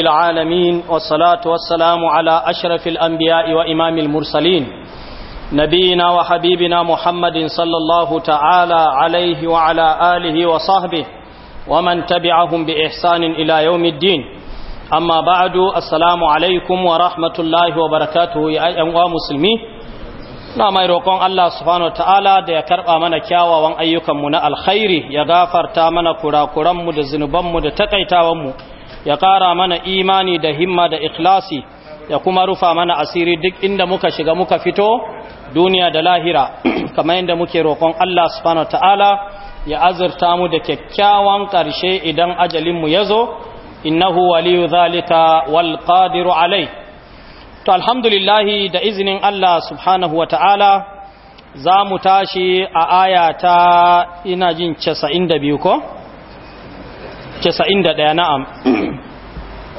العالمين والصلاة والسلام على أشرف الأنبياء وإمام المرسلين نبينا وحبيبنا محمد صلى الله تعالى عليه وعلى آله وصحبه ومن تبعهم بإحسان إلى يوم الدين أما بعد السلام عليكم ورحمة الله وبركاته يا أيها المسلمين na mai roƙon Allah subhanahu ta'ala da ya karɓa mana kyawawan ayyukanmu na alkhairi ya gafarta mana kurakuranmu da zunubanmu da takaitawanmu ya ƙara mana imani da himma da ikhlasi ya kuma rufa mana asiri duk inda muka shiga muka fito duniya da lahira kamar yadda muke roƙon Allah subhanahu ta'ala ya azurta mu da kyakkyawan ƙarshe idan ajalinmu ya zo innahu waliyu zalika wal qadiru alai to lillahi da izinin Allah subhanahu wa ta'ala za mu tashi a aya ta ina jin 92 ko دا نعم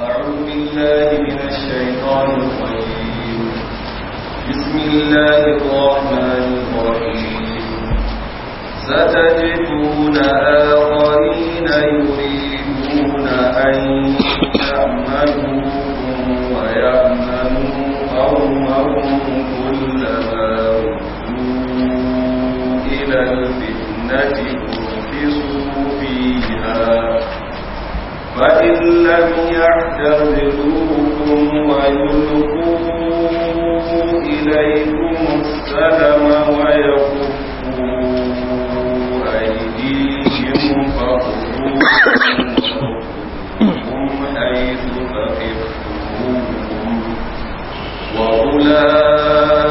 أعوذ بالله من الشيطان الرجيم بسم الله الرحمن الرحيم ستجدون آخرين يريدون أن يأمنوكم ويأمنوا قومهم كلما ردوا إلى الفتنة أرخصوا فيها فإن لم يعتذروكم ويلقوا إليكم السلم ويكفوا أيديهم فاخذوهم حيث ثقفتموهم وأولئك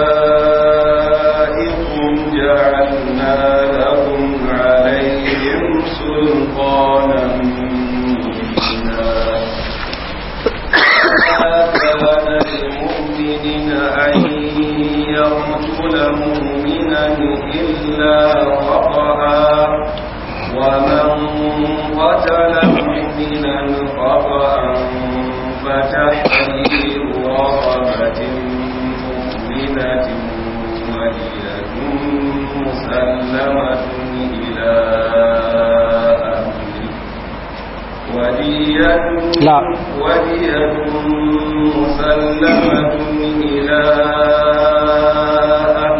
مؤمنا إلا خطأ ومن قتل مؤمنا خطأ فتحرير رقبة مؤمنة وهي مسلمة إلى أهله ودية لا ودية مسلمة إلى أهله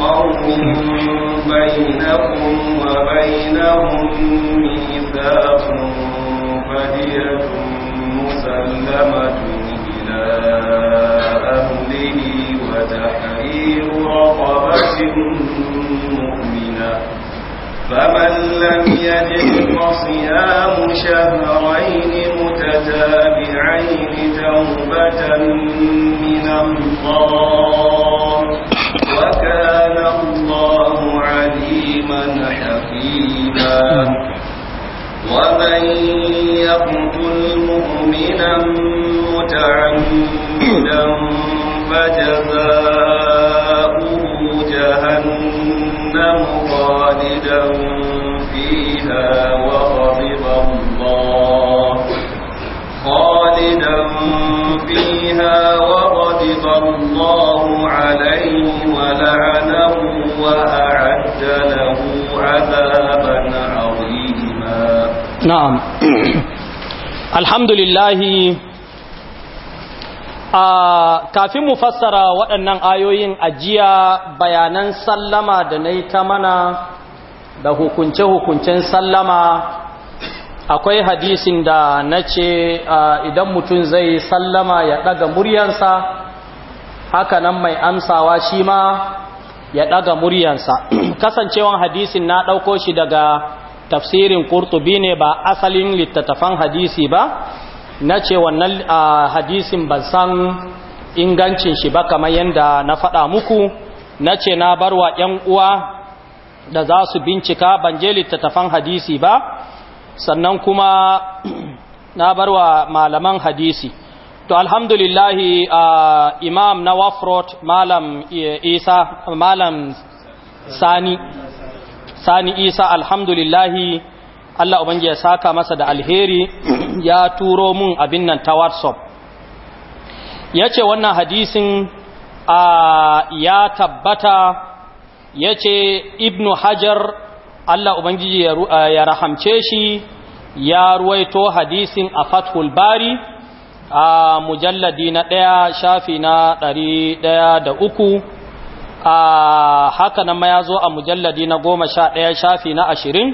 قوم بينكم وبينهم ميثاق فدية مسلمة إلى أهله وتحرير رقبة مؤمنة فمن لم يجد فصيام شهرين متتابعين توبة من الله وكان الله عليما حكيما ومن يقتل مؤمنا متعمدا فجزاؤه جهنم خالدا فيها وغيرها na'am alhamdulillahi a kafin mu fassara waɗannan ayoyin ajiya bayanan sallama da na yi ta mana da hukunce-hukuncen sallama akwai hadisin da na ce idan mutum zai sallama ya ɗaga muryansa hakanan nan mai amsawa shi ma ya ɗaga muryansa kasancewan hadisin na ɗauko shi daga tafsirin qurtubi ne ba asalin littattafan hadisi ba na ce wannan hadisin ban san ingancin shi ba kamar yadda na faɗa muku na ce na barwa ‘yan uwa da za su bincika ban je littattafan hadisi ba sannan kuma na barwa malaman hadisi to alhamdulillahi imam na wafrot malam isa malam sani sani isa alhamdulillahi Allah ubangi ya saka masa da alheri ya turo mun abin nan ta whatsapp ya ce wannan hadisin ya tabbata ya ce ibnu hajar Allah ubangiji ya rahamce shi ya ruwaito hadisin a fathul bari a mujalladi na ɗaya shafi na ɗari ɗaya da uku a haka nan ma ya zo a mujalladi na goma sha ɗaya shafi na ashirin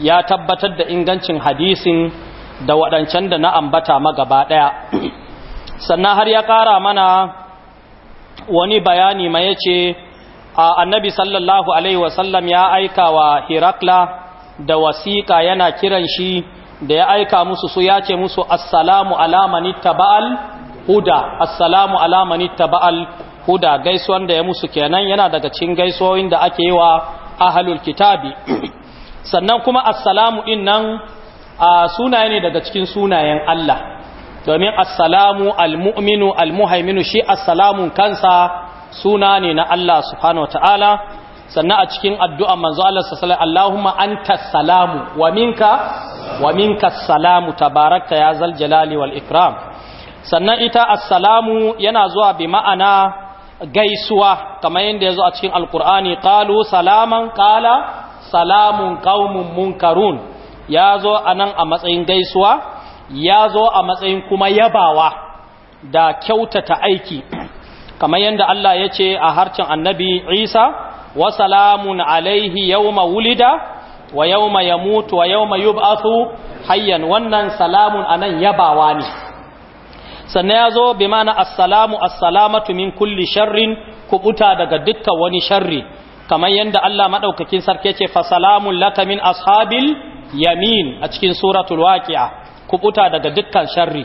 ya tabbatar da ingancin hadisin da waɗancan da na ambata magaba ɗaya sannan har ya ƙara mana wani bayani ma ya ce annabi sallallahu alaihi wasallam ya aika wa hirakla da wasiƙa yana kiran shi da ya aika musu su ya ce musu assalamu alamani ba'al huda assalamu alamani ba'al. huda gaisuwan da ya musu kenan yana daga cikin gaisuwoyin da ake yi wa ahlul kitabi sannan kuma assalamu din nan sunaye ne daga cikin sunayen Allah domin assalamu almu'minu almuhaiminu shi assalamun kansa suna ne na Allah subhanahu wataala sannan a cikin addu'a manzo Allah sallallahu Allahumma anta salamu wa minka wa minka salamu tabarakta ya zal jalali wal ikram sannan ita assalamu yana zuwa bi ma'ana gaisuwa kamar yadda ya zo a cikin alkur'ani ƙalu salaman ƙala salamun ƙaumun munkarun ya zo a nan a matsayin gaisuwa ya zo a matsayin kuma yabawa da kyautata aiki kamar yadda Allah ya ce a harcin annabi isa wa salamun alaihi yauma wulida wa ma ya mutu wa yau yauma yub'athu hayyan wannan salamun a nan yabawa ne sannan ya zo bi mana assalamu assalamatu min kulli sharrin kubuta daga dukka wani sharri kamar yadda Allah madaukakin sarki ce fa salamun laka min ashabil yamin a cikin suratul waqi'a kubuta daga dukkan sharri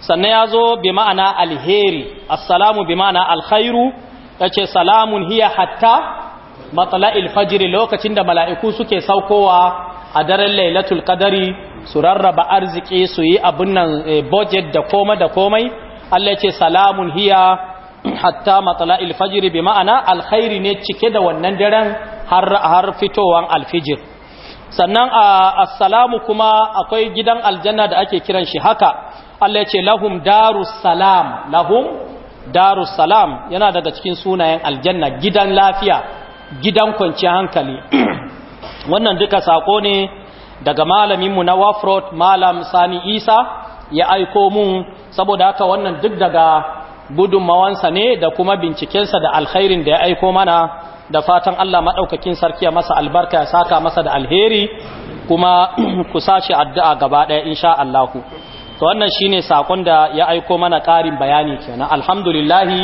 sannan ya zo bi ma'ana alheri assalamu bi ma'ana alkhairu yace salamun hiya hatta matla'il fajr lokacin da mala'iku suke saukowa a daren lailatul qadari su rarraba arziki su yi abin nan eh, budget da koma da komai Allah ce salamun hiya hatta matsala fajr bi ma'ana alkhairi ne cike da wannan daren har har fitowan alfijir sannan assalamu kuma akwai gidan aljanna da ake kiran shi haka Allah ce lahum darus salam lahum darus salam yana daga cikin sunayen aljanna gidan lafiya gidan kwanciyar hankali wannan duka sako ne daga malaminmu na wafrot malam sani isa ya aiko mun saboda haka wannan duk daga gudunmawansa ne da kuma bincikensa da alkhairin da ya aiko mana da fatan allah maɗaukakin sarki ya masa albarka ya saka masa da alheri kuma ku sashi addu'a gaba ɗaya insha allahu to wannan shine sakon da ya aiko mana ƙarin bayani kenan alhamdulillahi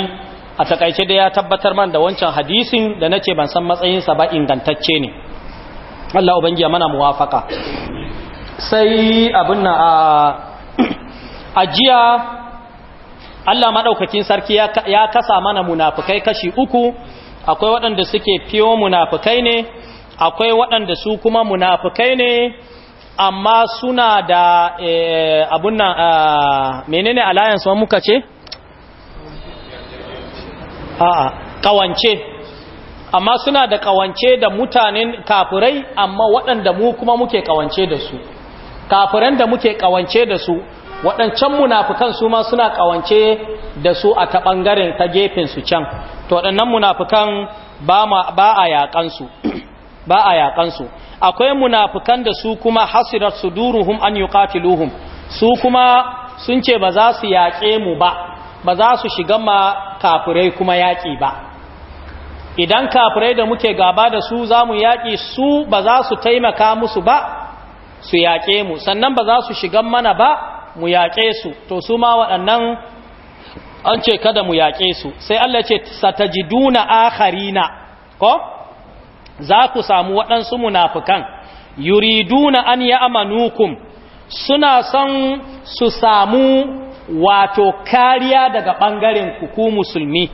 a takaice da ya tabbatar man da wancan hadisin da nace ban san matsayinsa ba ingantacce ne Allah ubangiya mana muwafaka sai abin na a ajiya Allah maɗaukakin sarki ya kasa mana munafukai kashi uku akwai waɗanda suke fiyo munafukai ne akwai waɗanda su kuma munafukai ne amma suna da e, abun nan menene alliance wa muka ce? a'a kawance amma suna da kawance da mutanen kafirai amma waɗanda mu kuma muke kawance da su kafiran da muke kawance da su waɗancan munafukan su ma suna kawance da su a ta ɓangaren ta gefen su can to waɗannan munafukan ba a yaƙansu akwai munafukan da su kuma hasirar su duruhum an yuqatiluhum su kuma sun ce ba za su yaƙe mu ba ba za su shiga ma kafirai kuma yaƙi ba idan kafirai da muke gaba da su za mu yaƙi su ba za su taimaka musu ba su yaƙe mu sannan ba za su shigan mana ba mu yaƙe su to su ma waɗannan an ce kada mu yaƙe su sai Allah ce satajiduna akharina ko za ku samu waɗansu munafukan yuriduna an ya'manukum suna son su samu wato kariya daga ɓangaren ku musulmi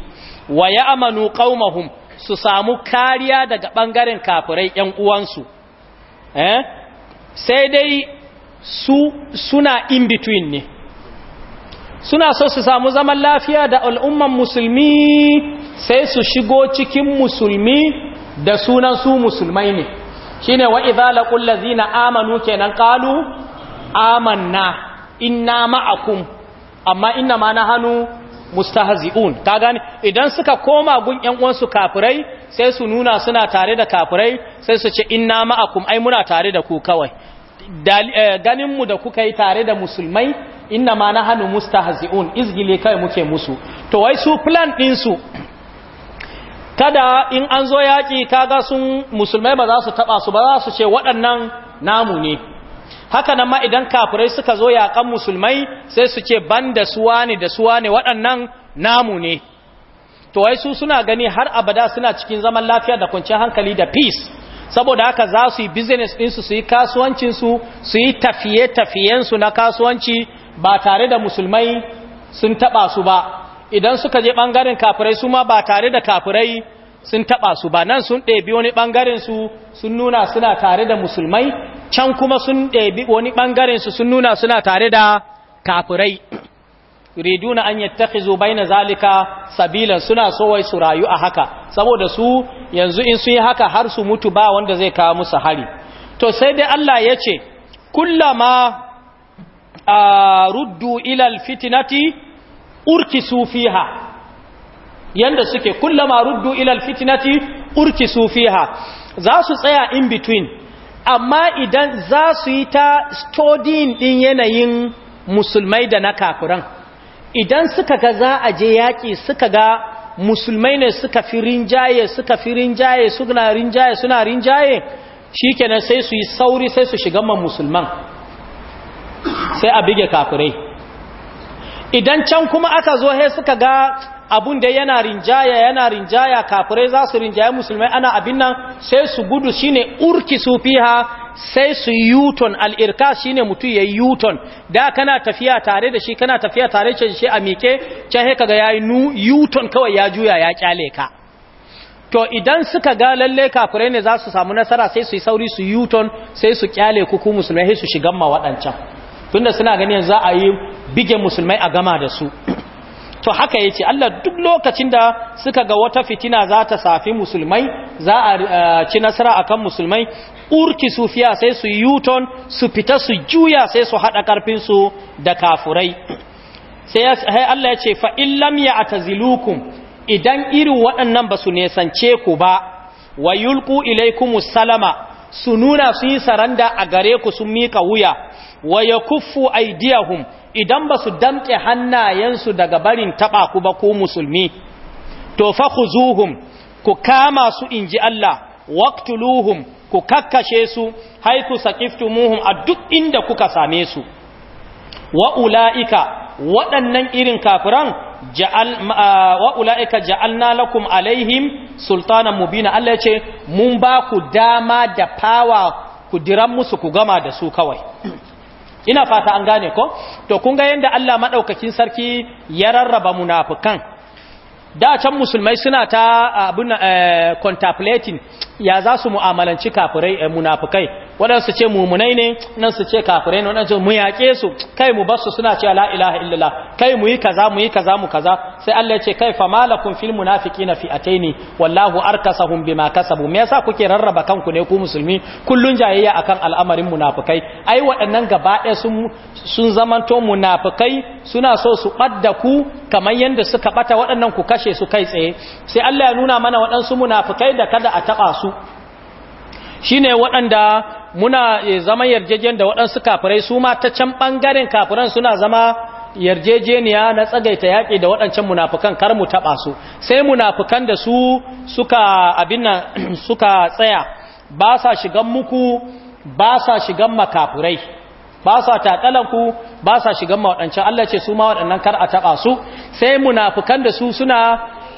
wa ya'manu qaumahum su samu kariya daga ɓangaren kafirai ‘yan uwansu, eh? sai dai su suna in between ne, suna so su samu zaman lafiya da al'umman musulmi sai su shigo cikin musulmi da sunan su musulmai ne, shi ne wa'iza laƙulla zina amanu kenan ƙalu, amanna, inna ma'akum, amma inna ma na hannu mustahzi'un ka gane idan suka koma gun ƴan uwansu kafirai sai su nuna suna tare da kafirai sai su ce inna ma'akum ai muna tare da ku kawai eh, ganin mu da kuka yi tare da musulmai inna ma nahnu mustahzi'un izgile kai muke musu to wai su plan din su kada in an zo yaƙi kaga sun musulmai ba za su taɓa su ba za su ce waɗannan namu ne haka nan ma idan kafirai suka zo yaƙan musulmai sai su ce ban da suwa ne da suwa ne waɗannan namu ne to wai su suna gani har abada suna cikin zaman lafiya da kwanciyar hankali da peace saboda haka za su yi business ɗinsu su yi kasuwancinsu su yi tafiye-tafiyensu na kasuwanci ba tare da musulmai sun taɓa su ba idan suka je ɓangaren kafirai su ma ba tare da kafirai sun taɓa su ba nan sun ɗebi wani ɓangarensu sun nuna suna tare da musulmai can kuma sun ɗebi wani ɓangarensu sun nuna suna tare da kafirai riduna an bai na zalika sabilan suna sowai su rayu a haka saboda su yanzu in su yi haka har su mutu ba wanda zai kawo musu hari to sai dai Allah ya ce kullama ruddu ilal urki urki su fiha yanda suke kulla maruddu ilal fitnati su fiha za su tsaya in between amma idan za su yi ta studying din yanayin musulmai da na kafiran idan suka ga za a je yaƙi suka ga musulmai ne suka fi rinjaye suka fi rinjaye suna rinjaye suna rinjaye shikenan sai su yi sauri sai su shiga ma musulman sai a bige kafirai idan can kuma aka zo he suka ga abun da yana rinjaya yana rinjaya kafirai za su rinjaya musulmai ana abin nan sai su gudu shine urki su fiha sai su yuton al'irka shine mutu ya yuton da kana tafiya tare da shi kana tafiya tare da shi a mike can ga yayi yi yuton kawai ya juya ya kyale ka to idan suka ga lalle kafirai ne za su samu nasara sai su yi sauri su yuton sai su kyale kuku musulmai sai su shigan ma waɗancan tunda suna ganin za a yi bige musulmai a gama da su to haka ya ce Allah duk lokacin da suka ga wata fitina za ta safi musulmai za a eh, ci nasara akan musulmai urki su fiya sai su yuton su fita su juya sai su haɗa ƙarfinsu da kafurai sai Allah ya ce fa'illam ya a idan irin waɗannan ba su nesance ku ba wa yulku ilaikumus salama su nuna su yi saranda a gare ku sun mika wuya wa ya kuffu aidiyahum idan ba su damƙe hannayensu daga barin taɓa ku ba ku musulmi to fa khuzuhum ku kama su inji Allah waqtuluhum ku kakkashe su haitu saqiftumuhum a duk inda kuka same su wa ulaika waɗannan irin kafiran ja'al wa ulaika ja'alna lakum alaihim sultanan mubina Allah ya ce mun ba ku dama da power ku diran musu ku gama da su kawai ina fata an gane ko to kun ga yanda Allah madaukakin sarki ya rarraba munafukan da can musulmai suna ta abun eh, contemplating ya za su mu'amalanci kafirai eh, munafukai waɗansu ce mummunai ne nan su ce kafirai ne waɗansu mu yaƙe su kai mu basu suna ce la ilaha illallah kai mu yi kaza mu yi kaza mu kaza sai Allah ya ce kai fa malakum fil fi fi'ataini wallahu arkasahum bima kasabu me yasa kuke rarraba kanku ne ku musulmi kullun jayayya akan al'amarin munafukai ai waɗannan gaba ɗaya sun sun zamanto munafukai suna so su badda ku kamar yanda suka bata waɗannan ku kashe su kai tsaye sai Allah ya nuna mana waɗansu munafukai da kada a taba su su shine waɗanda muna eh, zama yarjejen da waɗansu kafirai su ma ta can ɓangaren kafiran suna zama yarjejeniya na tsagaita yaƙi da waɗancan munafukan kar mu taɓa su sai munafukan da su suka abin suka tsaya ba sa shigan muku ba sa shigan makafirai ba sa taƙalanku ba sa shigan waɗancan Allah ce su ma waɗannan kar a taɓa su sai munafukan da su suna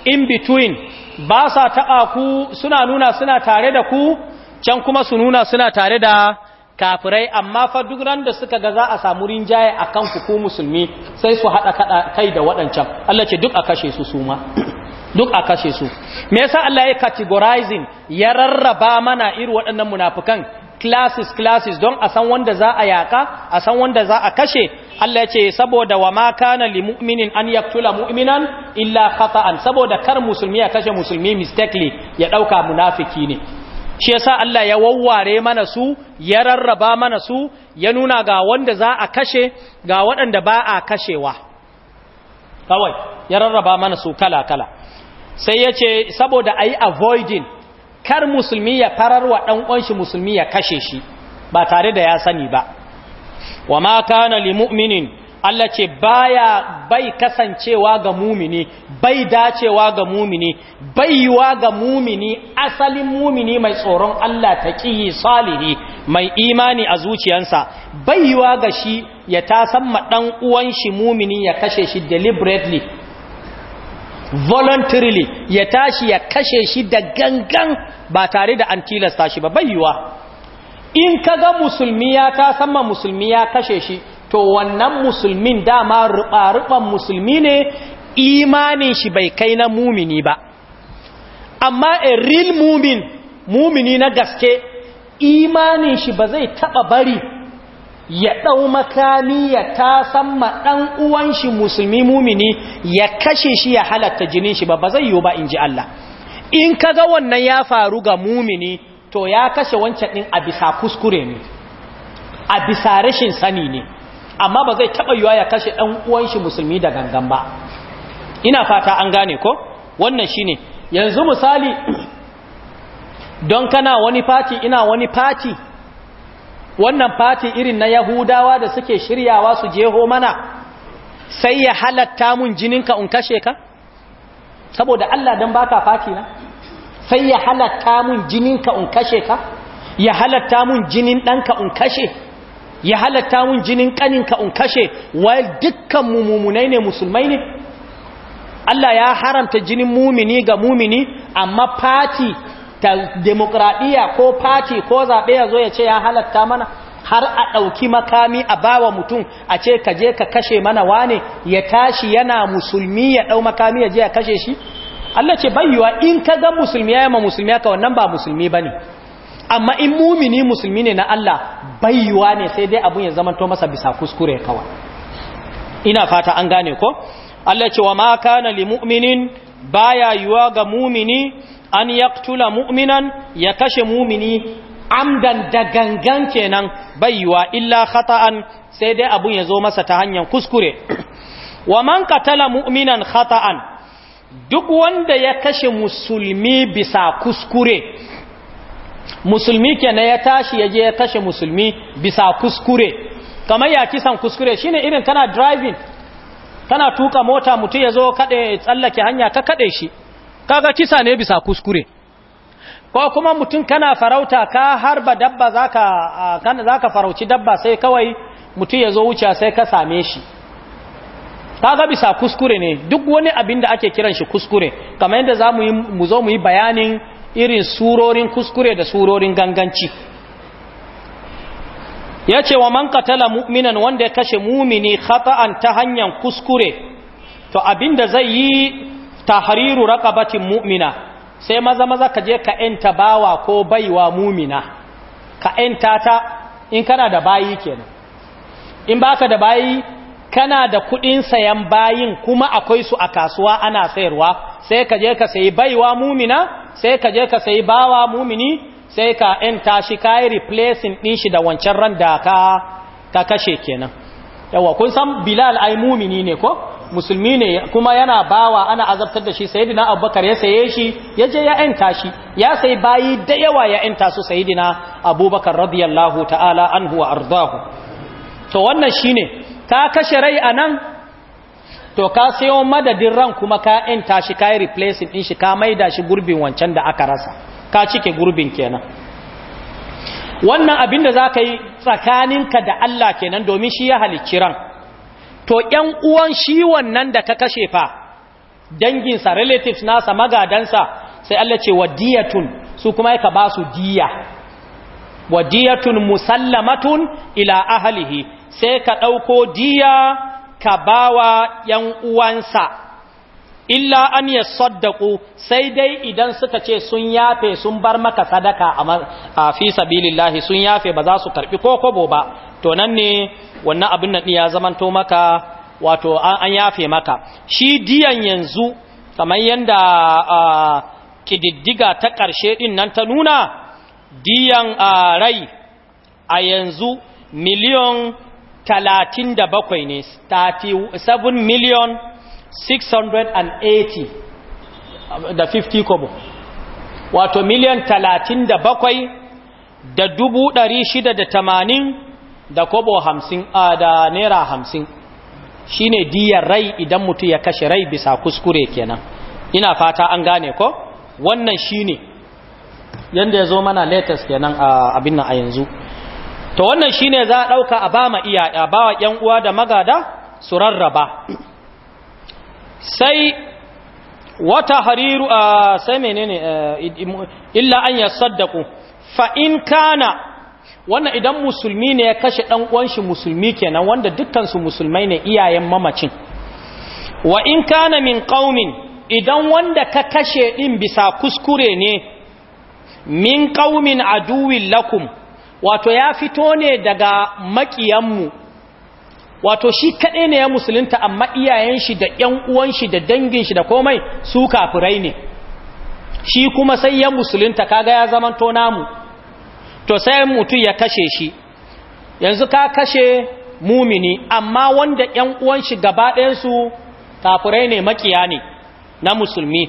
in between ba sa taɓa ku suna nuna suna tare da ku can kuma su nuna suna tare da kafirai amma fa duk ran da suka ga za a samu rinjaye a kan ku ku musulmi sai su haɗa kai da waɗancan Allah ce duk a kashe su su ma duk a kashe su me yasa Allah ya categorizing ya rarraba mana irin waɗannan munafukan classes classes don a san wanda za a yaka a san wanda za a kashe Allah ya ce saboda wa ma kana lil mu'minin an yaqtula mu'minan illa khata'an saboda kar musulmi ya kashe musulmi mistakenly ya dauka munafiki ne shi yasa Allah ya wawware mana su ya rarraba mana su ya nuna ga wanda za a kashe ga waɗanda ba a kashewa kawai ya rarraba mana su kala kala sai ya ce saboda ayi avoiding kar musulmi ya wa ɗan ƙwanshi musulmi ya kashe shi ba tare da ya sani ba wa ma kana li mu'minin Allah ce baya bai kasancewa ga mumini bai dacewa ga mumini bai yiwa ga mumini asalin mumini mai tsoron Allah ta yi salihi mai imani a zuciyarsa bai yiwa ga shi ya tasamma dan uwan shi mumini ya kashe shi deliberately voluntarily ya tashi ya kashe shi da gangan ba tare da an tilasta shi ba bayyuwa in ga musulmi ya ta sama musulmi ya kashe shi to wannan musulmin dama ruɓa-ruɓan musulmi ne imanin shi bai kai na mumini ba amma a real mumin mumini na gaske imanin shi ba zai taɓa bari ya ɗau makami ya tasan maɗan uwan shi musulmi mumini ya kashe shi ya halatta jinin shi ba ba zai yiwu ba in ji Allah in ka ga wannan ya faru ga mumini to ya kashe wancan ɗin a bisa kuskure ne a bisa rashin sani ne amma ba zai taɓa yiwa ya kashe ɗan uwanshi musulmi da gangan ba ina fata an gane ko wannan shi ne yanzu misali don kana wani fati ina wani fati wannan fati irin na yahudawa da suke shiryawa su jeho mana sai ya halatta mun jininka in kashe ka saboda Allah dan baka fati na sai ya halatta mun jininka in kashe ka ya halatta mun jinin ka in kashe ya halatta mun jinin ka in kashe wai dukkan mumunai ne musulmai ne Allah ya haramta jinin mumini ga mumini amma fati ta demokradiyya ko fati ko zaɓe ya zo ya ce ya halatta mana har a ɗauki makami a bawa mutum a ce ka je ka kashe mana wane ya tashi yana musulmi ya ɗau makami ya je ya kashe shi Allah ce bayuwa in ka ga musulmi ya yama musulmi ka wannan ba musulmi ba ne amma in mumini musulmi ne na Allah bayuwa ne sai dai abun ya zamanto masa bisa kuskure kawai ina fata an gane ko Allah ce wa ma kana li mu'minin baya yuwa ga mumini an yaqtula mu'minan ya kashe mumini amdan da gangan kenan baiwa illa khata'an sai dai abun ya zo masa ta hanyar kuskure wa man qatala mu'minan khata'an duk wanda ya kashe musulmi bisa kuskure musulmi kenan ya tashi yaje ya kashe musulmi bisa kuskure kamar ya kisan kuskure shine irin kana driving kana tuka mota mutu ya zo kade tsallake hanya ka kade shi kaga kisa ne bisa kuskure ko kuma mutum kana farauta ka harba dabba zaka kana zaka farauci dabba sai kawai mutum ya zo wuce sai ka same shi kaga bisa kuskure ne duk wani abin da ake kiran shi kuskure kamar yadda za mu zo mu yi bayanin irin surorin kuskure da surorin ganganci ya ce wa man katala mu'minan wanda ya kashe mumini khata'an ta hanyar kuskure to abinda zai yi tahriru raqabatin mu'mina sai maza maza ka je ka enta bawa ko baiwa mu'mina ka enta ta in kana da bayi kenan in baka da bayi kana da kudin sayan bayin kuma akwai su a kasuwa ana sayarwa sai ka je ka sayi baiwa mu'mina sai ka je ka sayi bawa mu'mini sai ka enta shi ka yi replacing din shi da wancan ran da ka ka kashe kenan yawa kun san bilal ai mumini ne ko musulmi ne kuma yana bawa ana azabtar da shi sayidina abubakar ya saye shi ya je ya yanta shi ya sai bayi da yawa ya yanta su sayidina abubakar radiyallahu ta'ala anhu wa ardahu to wannan shine ka kashe rai anan to ka sayo madadin ran kuma ka yanta shi ka yi replacing din shi ka maida shi gurbin wancan da aka rasa ka cike gurbin kenan wannan abin da za ka yi tsakaninka da Allah kenan domin shi ya halicci ran to ‘yan uwan shi wannan da ka kashe fa danginsa relatives nasa magadansa sai Allah ce wa su kuma yaka ba su diya wadiyatun musallamatun ila ahalihi sai ka ɗauko diya ka bawa ‘yan uwansa illa an ya saddaku sai dai idan suka ce sun yafe sun bar maka sadaka a fi sabilillahi sun yafe ba za su karbi ko kobo ba to nan ne wannan abin nan ya zamanto maka wato an yafe maka shi diyan yanzu kamar yanda kididdiga ta ƙarshe din nan ta nuna diyan rai a yanzu miliyon talatin da bakwai ne 7 miliyon 680 da 50 kobo wato miliyan 37 da dubu ɗari shida da tamanin da kobo hamsin a da naira hamsin shi ne diyar rai idan mutu ya kashe rai bisa kuskure kenan ina fata an gane ko wannan shi ne yadda ya zo mana latest kenan a abin nan a yanzu to wannan shi ne za a ɗauka a ba ma a ba wa ‘yan uwa da magada su rarraba sai wata hariru a sai menene eh, illa an ya saddaku fa'in kana wannan idan musulmi ne ya kashe ɗan'uwanshi musulmi kenan wanda dukansu musulmai ne iyayen mamacin wa in kana min ƙaumin idan wanda ka kashe ɗin bisa kuskure ne min ƙaumin aduwin lakum wato ya fito ne daga maƙiyanmu wato shi kaɗai ne ya musulunta amma iyayen shi da ƴan uwan shi da dangin shi da komai su kafirai ne shi kuma sai ya musulunta kaga ya zamanto namu to sai mutum ya kashe shi yanzu ka kashe mumini amma wanda ƴan uwan shi gaba ɗayansu kafirai ne makiya ne na musulmi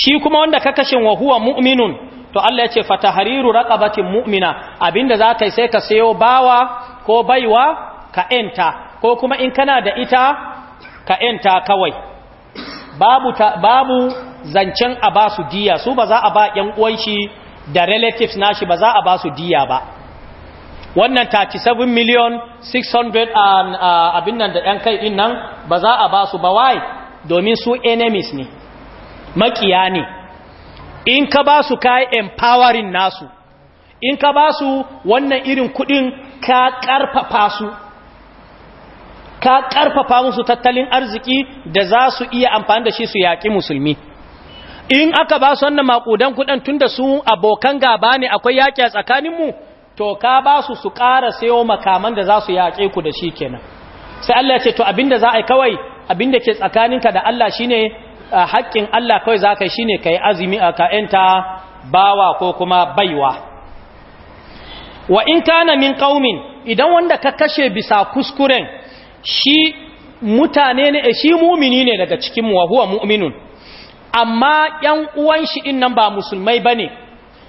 shi kuma wanda ka kashe wa huwa mu'minun to Allah ya ce fatahariru raqabatin mu'mina abinda za ka sai ka sayo bawa ko baiwa ka ‘yanta ko kuma in kana da ita ka ‘yanta kawai babu, ta, babu zancen a ba su diya su ba za a ba ‘yan uwanshi da relatives nashi ba za a ba su diya ba wannan 37 miliyon 600 uh, abin nan da ‘yan kai ɗin nan ba za a ba su ba wai domin su enemies ne makiya ne in ka ba su kayi empowering nasu in ka ba su wannan irin kuɗin ka ƙarfafa su ka ƙarfafa musu tattalin arziki da za su iya amfani da shi su yaƙi musulmi in aka ba su wannan maƙudan kuɗin tun da su abokan gaba ne akwai yaƙi a tsakaninmu to ka ba su su ƙara sayo makaman da za su yaƙe ku da shi kenan sai Allah ya ce to abinda za a yi kawai abinda ke tsakaninka da Allah shine haƙƙin Allah kawai za ka yi shine ka yi azumi a ka'yanta bawa ko kuma baiwa wa in kana min qaumin idan wanda ka kashe bisa kuskuren shi mutane ne eh, shi mumini ne daga cikin mu huwa mu'minun amma yan uwan shi din nan ba musulmai bane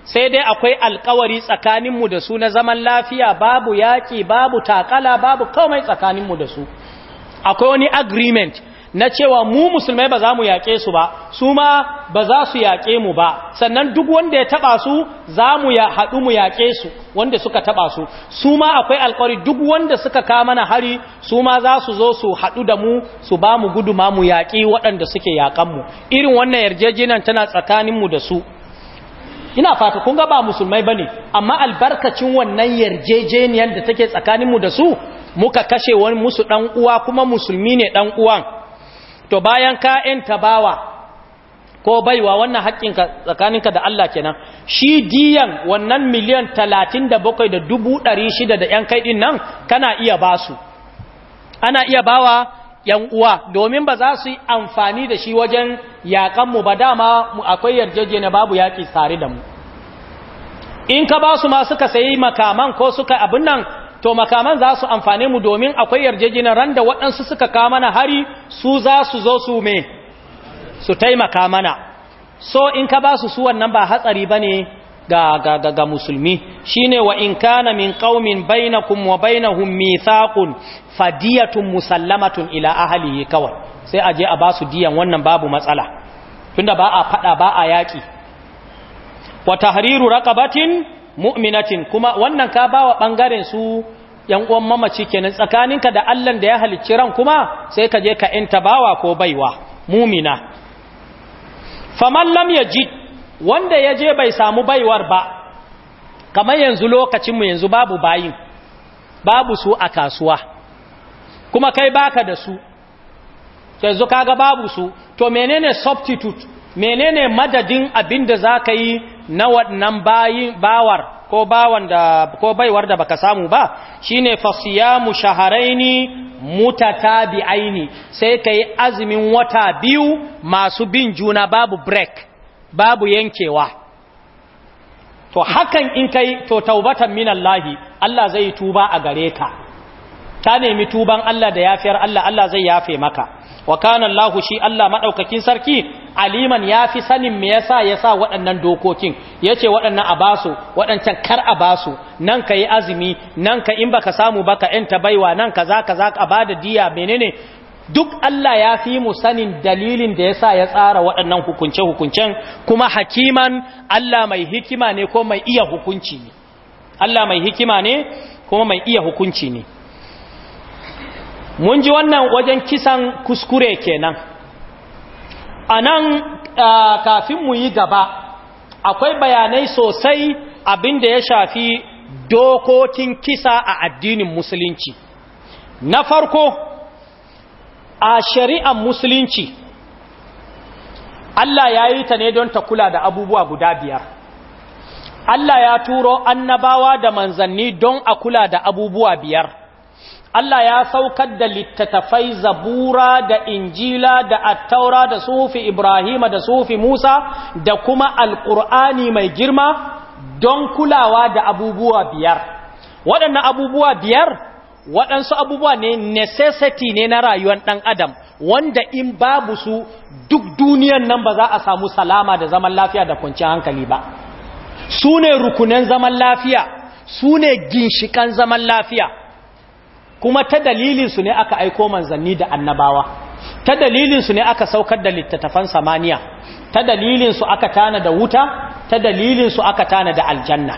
sai dai akwai alkawari tsakanin mu da su na zaman lafiya babu yaki babu takala babu komai tsakanin mu da su akwai wani agreement na cewa mu musulmai ba za mu yaƙe su ba su ma ba za su yaƙe mu ba sannan duk wanda ya taɓa su za mu ya haɗu mu yaƙe su wanda suka taɓa su su ma akwai alƙawari duk wanda suka ka mana hari su ma za su zo su haɗu da mu su ba mu guduma mu yaƙi waɗanda suke yaƙanmu irin wannan yarjejinan tana tsakaninmu da su ina fata kun ga ba musulmai bane amma albarkacin wannan yarjejeniyar da take tsakaninmu da su muka kashe wani musu dan uwa kuma musulmi ne dan uwan to bayan ka ‘yanta bawa ko baiwa wannan haƙƙinka tsakaninka da Allah kenan shi diyan wannan miliyan talatin da bakwai da dubu ɗari shida da ‘yan kai ɗin nan kana iya ba su ana iya bawa ‘yan uwa domin ba za su yi amfani da shi wajen yaƙanmu ba dama mu akwai na babu yaƙi tare da mu in ka ba su ma suka sayi makaman ko suka abin nan to makaman za su amfane mu domin akwai yarjejinan ran da waɗansu suka kamana hari su za su zo su me su taimaka mana so in ka ba su su wannan ba hatsari ba ne ga musulmi shi ne wa in kana min ƙaumin bainakum wa bainahum mithaqun fadiyatun musallamatun ila ahlihi kawai sai a je a ba su diyan wannan babu matsala tunda ba a faɗa ba a yaƙi wa tahriru raqabatin mu'minatin kuma wannan ka bawa bangaren su yan uwan mamaci kenan tsakaninka da Allah da ya halicci ran kuma sai ka je ka inta bawa ko baiwa mu'mina faman lam yajid wanda ya je bai samu baiwar ba kamar yanzu lokacin mu yanzu babu bayin babu su a kasuwa kuma kai baka da su yanzu kaga babu su to menene substitute menene madadin abinda zaka yi na wannan bayin bawar ko bawan da ko baiwar da baka samu ba shine fasiyamu shaharaini mutatabi'aini sai kai azumin wata biyu masu bin juna babu break babu yankewa to hakan in kai to taubatan minallahi Allah zai tuba a gare ka ka nemi tuban Allah da yafiyar Allah Allah zai yafe maka wa kana Allah shi Allah madaukakin sarki aliman yafi sanin me yasa yasa waɗannan dokokin yace waɗannan Abasu? basu waɗancan kar a basu nan kai azumi nan ka in baka samu baka enta baiwa nan kaza kaza ka bada diya menene duk Allah ya fi mu sanin dalilin da yasa ya tsara waɗannan hukunce hukuncen kuma hakiman Allah mai hikima ne ko mai iya hukunci ne Allah mai hikima ne kuma mai iya hukunci ne mun ji wannan wajen kisan kuskure kenan a nan kafin mu yi gaba akwai bayanai sosai abinda ya shafi dokokin kisa a addinin musulunci na farko a shari'an musulunci Allah ya yi ta ne don ta kula da abubuwa guda biyar Allah ya turo annabawa da manzanni don a kula da abubuwa biyar Allah ya saukar da littattafai zabura da injila da attaura da sufi Ibrahima da sufi Musa da kuma alkur'ani mai girma don kulawa da abubuwa biyar waɗannan abubuwa biyar waɗansu abubuwa ne necessity ne na rayuwar ɗan adam wanda in babu su duk duniyan nan ba za a samu salama da zaman lafiya da kwanciyar hankali ba su ne rukunan zaman lafiya su ne ginshikan zaman lafiya kuma ta dalilinsu ne aka aiko manzanni da annabawa ta dalilinsu ne aka saukar da littattafan samaniya ta dalilinsu aka tana da wuta ta dalilinsu aka tana da aljanna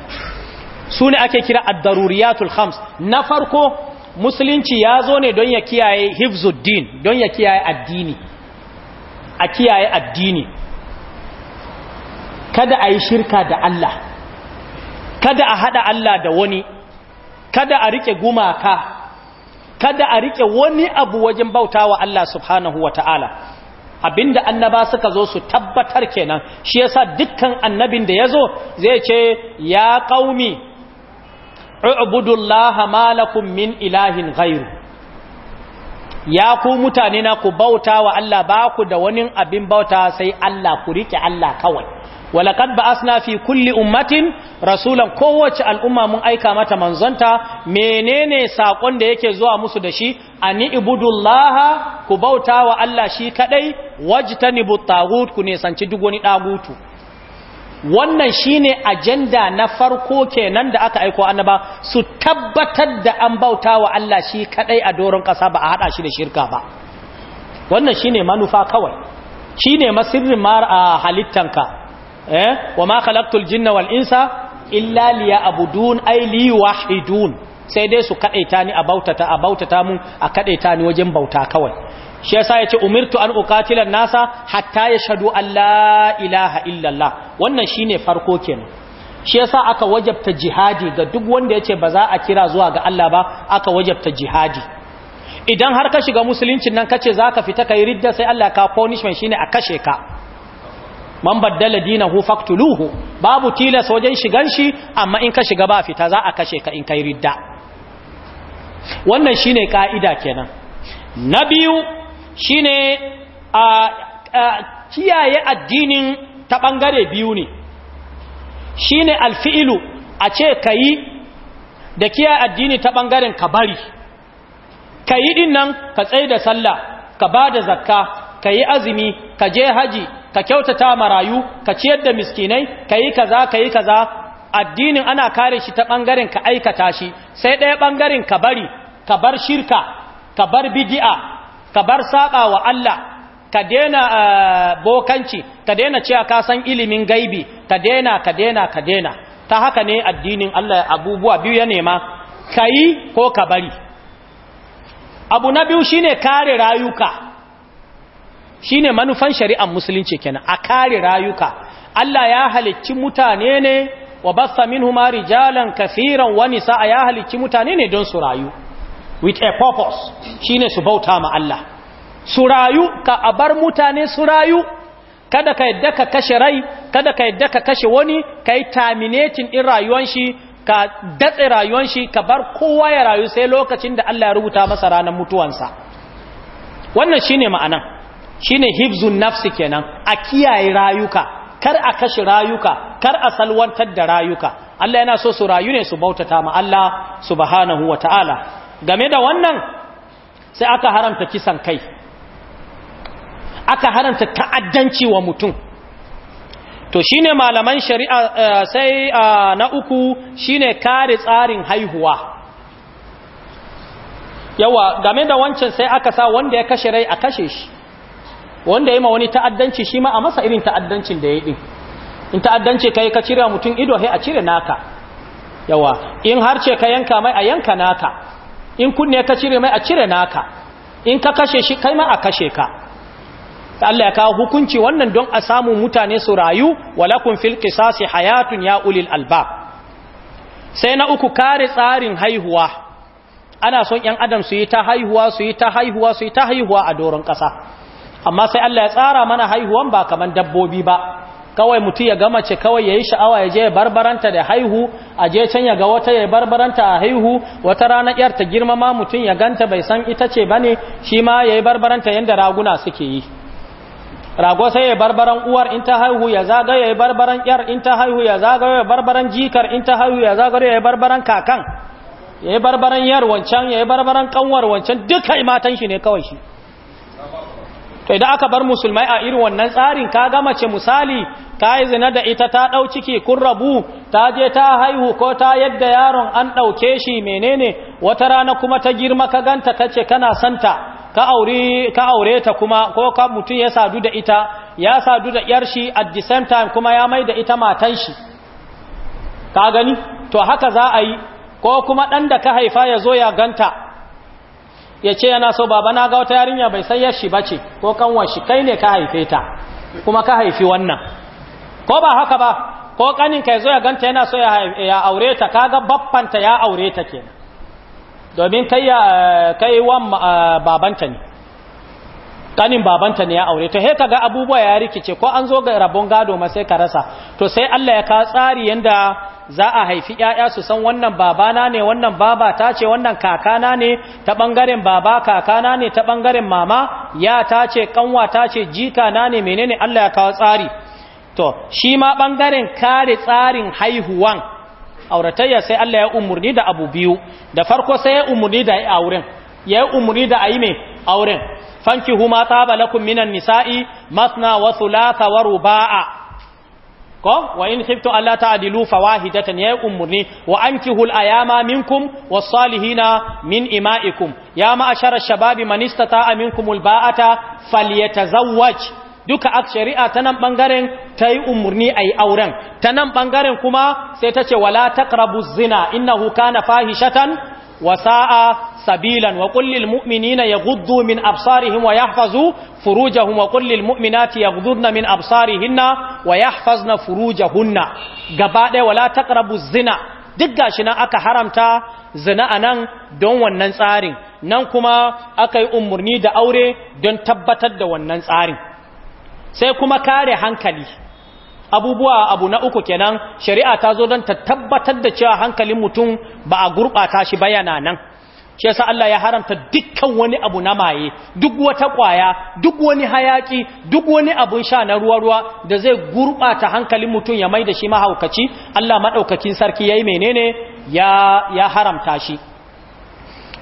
su ne ake kira addaruriyatul khams na farko musulunci ya zo ne don ya kiyaye hifzuddin don ya kiyaye addini a kiyaye addini kada a yi shirka da Allah kada a hada Allah da wani kada a rike gumaka kada a rike wani abu wajen bauta wa Allah subhanahu wa ta'ala, abinda annaba suka zo su tabbatar kenan shi yasa dukkan annabin da ya zo zai ce ya qaumi ubudullaha malakum min ilahin ghairu ya ku mutane na ku bauta wa Allah ba ku da wani abin bauta sai Allah ku rike Allah kawai walaƙad ba asna fi kulli ummatin rasulan kowace al'umma mun aika mata manzonta menene saƙon da yake zuwa musu da shi Ani ibudullaha ku bauta wa Allah shi kaɗai wajitani buttagut ku nisanci duk wani ɗagutu wannan shine ajanda na farko kenan da aka aiko annaba su tabbatar da an bauta wa Allah shi kadai a doron kasa ba a hada shi da shirka ba wannan shine manufa kawai shine masirrin mar a halittanka eh wa ma khalaqtul jinna wal insa illa liya'budun ay liwahidun sai dai su kadaita ni a bautata a bautata mun a kadaita ni wajen bauta kawai shi yasa yace umirtu an uqatila nasa hatta yashhadu an la ilaha illallah wannan shine farko kenan shi yasa aka wajabta jihadi ga duk wanda yace ba za a kira zuwa ga Allah ba aka wajabta jihadi idan har ka shiga musuluncin nan kace zaka fita kai ridda sai Allah ka punishment shine a kashe ka man baddala dinahu faktuluhu babu tilas wajen shigan shi amma in ka shiga ba fita za a kashe ka in kai ridda wannan shine ka'ida kenan nabiyu biyu shine a kiyaye addinin ta bangare biyu ne shine alfi'ilu a ce kayi da kiyaye addini ta bangaren ka bari kayi din nan ka tsaye da sallah ka bada zakka kayi azumi ka je haji ka kyautata marayu ka ci yadda miskinai ka yi kaza ka yi kaza addinin ana kare shi ta ɓangaren ka aikata shi sai ɗaya ɓangaren ka bari ka bar shirka ka bar bidi'a ka bar saƙa wa Allah ka daina eh, bokanci ka daina cewa ka san ilimin gaibi ka daina ka daina ka daina ta haka ne addinin Allah abubuwa biyu ya nema ka yi ko ka bari abu na biyu shine kare rayuka shine manufan shari'an musulunci kenan a kare rayuka Allah ya halicci mutane ne wa min minhuma rijalan kafiran wani sa'a ya halicci mutane ne don su rayu with a purpose shine su bauta ma Allah su rayu ka bar mutane su rayu kada ka yadda ka kashe rai kada ka yadda ka kashe wani ka yi terminating in rayuwan shi ka datse rayuwan shi ka bar kowa ya rayu sai lokacin da Allah ya rubuta masa ranar mutuwansa wannan shine ma'anan shine hibzun nafsi kenan a kiyaye rayuka kar a kashe rayuka kar a salwantar da rayuka Allah yana so su rayu ne su bautata ma Allah subhanahu ta'ala. game da wannan sai aka haramta kisan kai aka haramta ta'addanci wa mutum to shine malaman shari'a eh, sai eh, na uku shine kare tsarin haihuwa yawa game da wancan sai aka sa wanda ya kashe rai a kashe shi wanda ya ma wani ta'addanci shi ma a masa irin ta'addancin da ya yi in ta'addanci kai ka cire mutum ido sai a cire naka yawa in har ce ka yanka mai a yanka naka in kunne ka cire mai a cire naka in ka kashe shi kai ma a kashe ka ta Allah ya kawo hukunci wannan don a samu mutane su rayu walakun fil qisasi hayatun ya ulil albab sai na uku kare tsarin haihuwa ana son yan adam su yi ta haihuwa su yi ta haihuwa su yi ta haihuwa a doron ƙasa. amma sai Allah ya tsara mana haihuwan ba kamar dabbobi ba kawai mutum ya gama ce kawai ya yi sha'awa ya je barbaranta da haihu a je can ya ga wata ya barbaranta a haihu wata rana yar ta girmama mutum ya ganta bai san ita ce ba ne shi ma ya yi barbaranta yadda raguna suke yi rago sai ya barbaran uwar in ta haihu ya zaga ya yi barbaran yar in ta haihu ya zaga ya barbaran jikar in ta haihu ya zaga ya yi barbaran kakan ya yi barbaran yar wancan ya yi barbaran kanwar wancan duka matan shi ne kawai shi to idan aka bar musulmai a irin wannan tsarin ka ga mace misali ta yi zina da ita ta ɗau ciki kun rabu ta je ta haihu ko ta yadda yaron an ɗauke shi menene wata rana kuma ta girma ka ganta ka ce kana santa ka aure ka aure ta kuma ko ka mutum ya sadu da ita ya sadu da yar shi at the same time kuma ya mai da ita matan shi ka gani to haka za a yi ko kuma ɗan da ka haifa ya zo ya ganta ya ce yana so baba na ga wata yarinya bai sai yashi bace ko kanwar shi kai ne ka haife ta kuma ka haifi wannan ko ba haka ba ko kanin ka zo ya ganta yana so ya aure ta kaga baffanta ya aure ta kenan domin kai ya kai wan babanta ne Sanin babanta ne ya aure to he kaga abubuwa ya rikice ko an zo ga rabon gado ma sai ka rasa to sai Allah ya ka tsari yanda za a haifi 'ya'ya su san wannan babana ne wannan baba ta ce wannan kakana ne ta bangaren baba kakana ne ta bangaren mama ya ta ce kanwa ta ce jika na ne menene Allah ya kawo tsari to shi ma bangaren kare tsarin haihuwan auratayya sai Allah ya umurni da abu biyu da farko sai ya umurni da auren ya yi umarni da a yi mai auren fanki huma ta balakun minan nisa'i masna wasu thulatha wa ruba'a ko wa in khiftu alla ta'dilu fawahidatan ya umurni wa ankihul ayama minkum was-salihina min ima'ikum ya ma'ashara shababi man istata'a minkumul ba'ata falyatazawwaj duka ak shari'a ta nan bangaren ta yi umarni ayi auren ta nan bangaren kuma sai ta ce wala taqrabu zina innahu kana fahishatan وَسَاءَ سَبِيلًا وَقُلِّ الْمُؤْمِنِينَ يَغُضُّوا مِنْ أَبْصَارِهِمْ وَيَحْفَظُوا فُرُوجَهُمْ وَقُلِّ الْمُؤْمِنَاتِ يَغْضُضْنَ مِنْ أَبْصَارِهِنَّ وَيَحْفَظْنَ فُرُوجَهُنَّ غَبَادَ وَلَا تَقْرَبُوا الزِّنَا duk gashi nan aka haramta zina a nan don wannan tsarin nan kuma aka yi umarni da aure don tabbatar da wannan tsarin sai kuma kare hankali abubuwa abu na uku kenan shari'a ta zo don ta tabbatar da cewa hankalin mutum ba a gurɓata shi bayana nan shi yasa Allah ya haramta dukkan wani abu na maye duk wata kwaya duk wani hayaki duk wani abun sha na ruwa ruwa da zai gurɓata hankalin mutum ya mai da shi mahaukaci Allah madaukakin sarki yayi menene ya ya haramta shi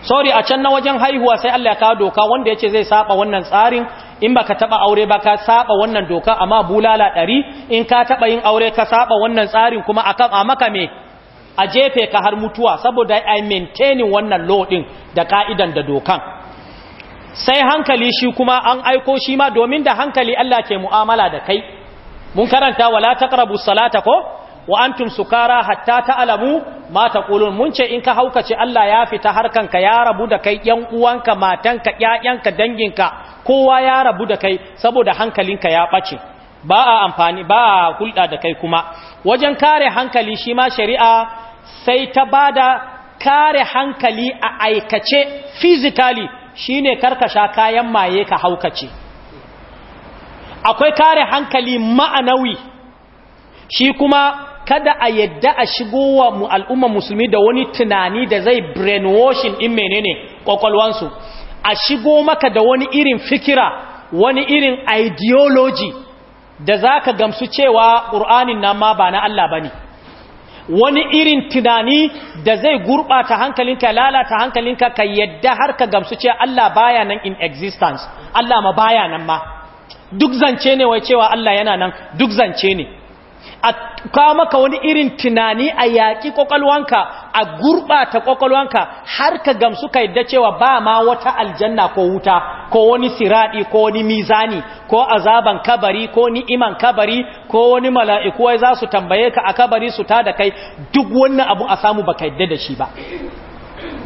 sorry a can na wajen haihuwa sai Allah ya kawo doka wanda yace zai saba wannan tsarin in baka taba aure ba ka saba wannan doka amma bulala ɗari in ka taba yin aure ka saba wannan tsarin kuma a maka me a jefe ka har mutuwa saboda i maintaining wannan law din da ka'idan da dokan sai hankali shi kuma an aiko shi ma domin da hankali Allah ke mu'amala da kai mun karanta wala taqrabu salata ko wa antum sukara hatta ta'lamu ma taqulun mun ce in ka haukace Allah ya fita harkan ka ya rabu da kai yan uwanka matanka 'ya'yanka danginka kowa ya rabu da kai saboda hankalinka ya ɓace. ba a amfani ba a hulɗa da kai kuma wajen kare hankali shi ma shari'a sai ta bada kare hankali a aikace physically shine karkasha kayan maye ka haukace akwai kare hankali ma'anawi shi kuma kada a yadda a shigo wa mu musulmi da wani tunani da zai brainwashing in menene kwakwalwansu a shigo maka da wani irin fikira wani irin ideology da zaka gamsu cewa ƙur'anin nan ma ba na Allah ba ne wani irin tunani da zai gurɓata hankalinka lalata hankalinka ka yadda har ka gamsu cewa Allah baya nan in existence Allah ma baya nan ma duk zance ne wai cewa Allah yana nan duk zance ne a kawo maka wani irin tunani a yaƙi ƙwaƙwalwanka a gurɓata ƙwaƙwalwanka har ka gamsu ka yadda cewa ba ma wata aljanna ko wuta ko wani siraɗi ko wani mizani ko azaban kabari ko ni'iman kabari ko wani mala'iku wai za su tambaye ka a kabari su ta da kai duk wannan abu a samu ba ka yadda da shi ba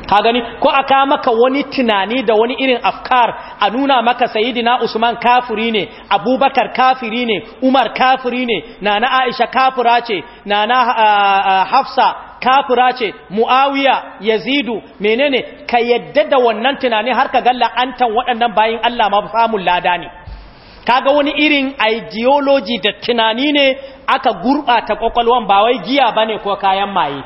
ka gani ko a ka maka wani tunani da wani irin afkar a nuna maka sayidina usman kafiri ne abubakar kafiri ne umar kafiri ne nana aisha kafira ce nana ah, ah, hafsa kafira ce muawiya yazidu menene ka yadda da wannan tunani har ka galla antan waɗannan bayin allah ma samun lada ne kaga wani irin ideology da tunani ne aka gurɓata ƙwaƙwalwan ba wai giya bane ko kayan maye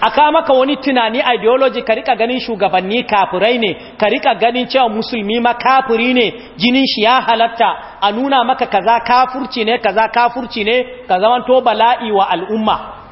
A aka maka wani tunani ideology ka rika ganin shugabanni kafirai ne ka rika ganin cewa musulmi ma kafiri ne jinin shi ya halatta a nuna maka kaza kafurci ne kaza kafurci ne ka zamanto bala'i wa al'umma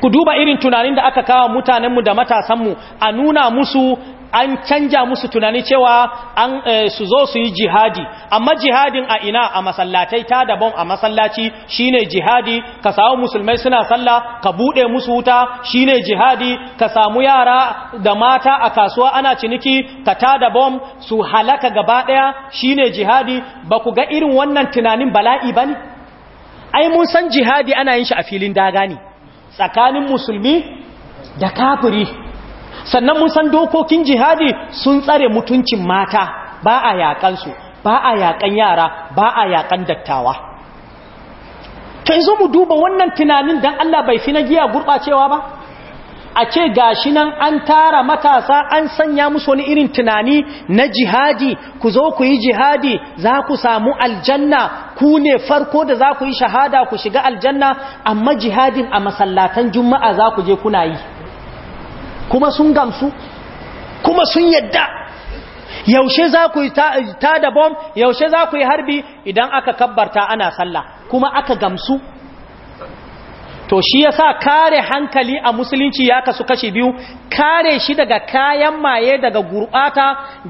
ku duba irin tunanin da aka kawo mutanenmu da matasanmu a nuna musu an canja musu tunani cewa an eh, su zo su yi jihadi amma jihadin a ina a masallatai ta daban a masallaci shine jihadi ka samu musulmai suna sallah ka bude musu wuta shine jihadi ka samu yara da mata a kasuwa ana ciniki ka ta dabam su halaka gaba daya shine jihadi ba ku ga irin wannan tunanin bala'i bane ai mun san jihadi ana yin shi a filin daga ne tsakanin musulmi da kafiri sannan mun san dokokin jihadi sun tsare mutuncin mata ba a yaƙansu ba a yaƙan yara ba a yaƙan dattawa kai zo mu duba wannan tunanin dan Allah bai fi na giya gurɓacewa ba a ce gashi nan an tara matasa an sanya musu wani irin tunani na jihadi ku zo ku yi jihadi za ku samu aljanna ku ne farko da za ku yi shahada ku shiga aljanna amma jihadin a masallatan juma'a za ku je kuna yi kuma sun gamsu kuma sun yadda yaushe za ku yi ta da bom yaushe za ku yi harbi idan aka kabbarta ana sallah kuma aka gamsu to shi yasa kare hankali a musulunci ya kasu kashi biyu kare shi daga kayan maye daga gurɓata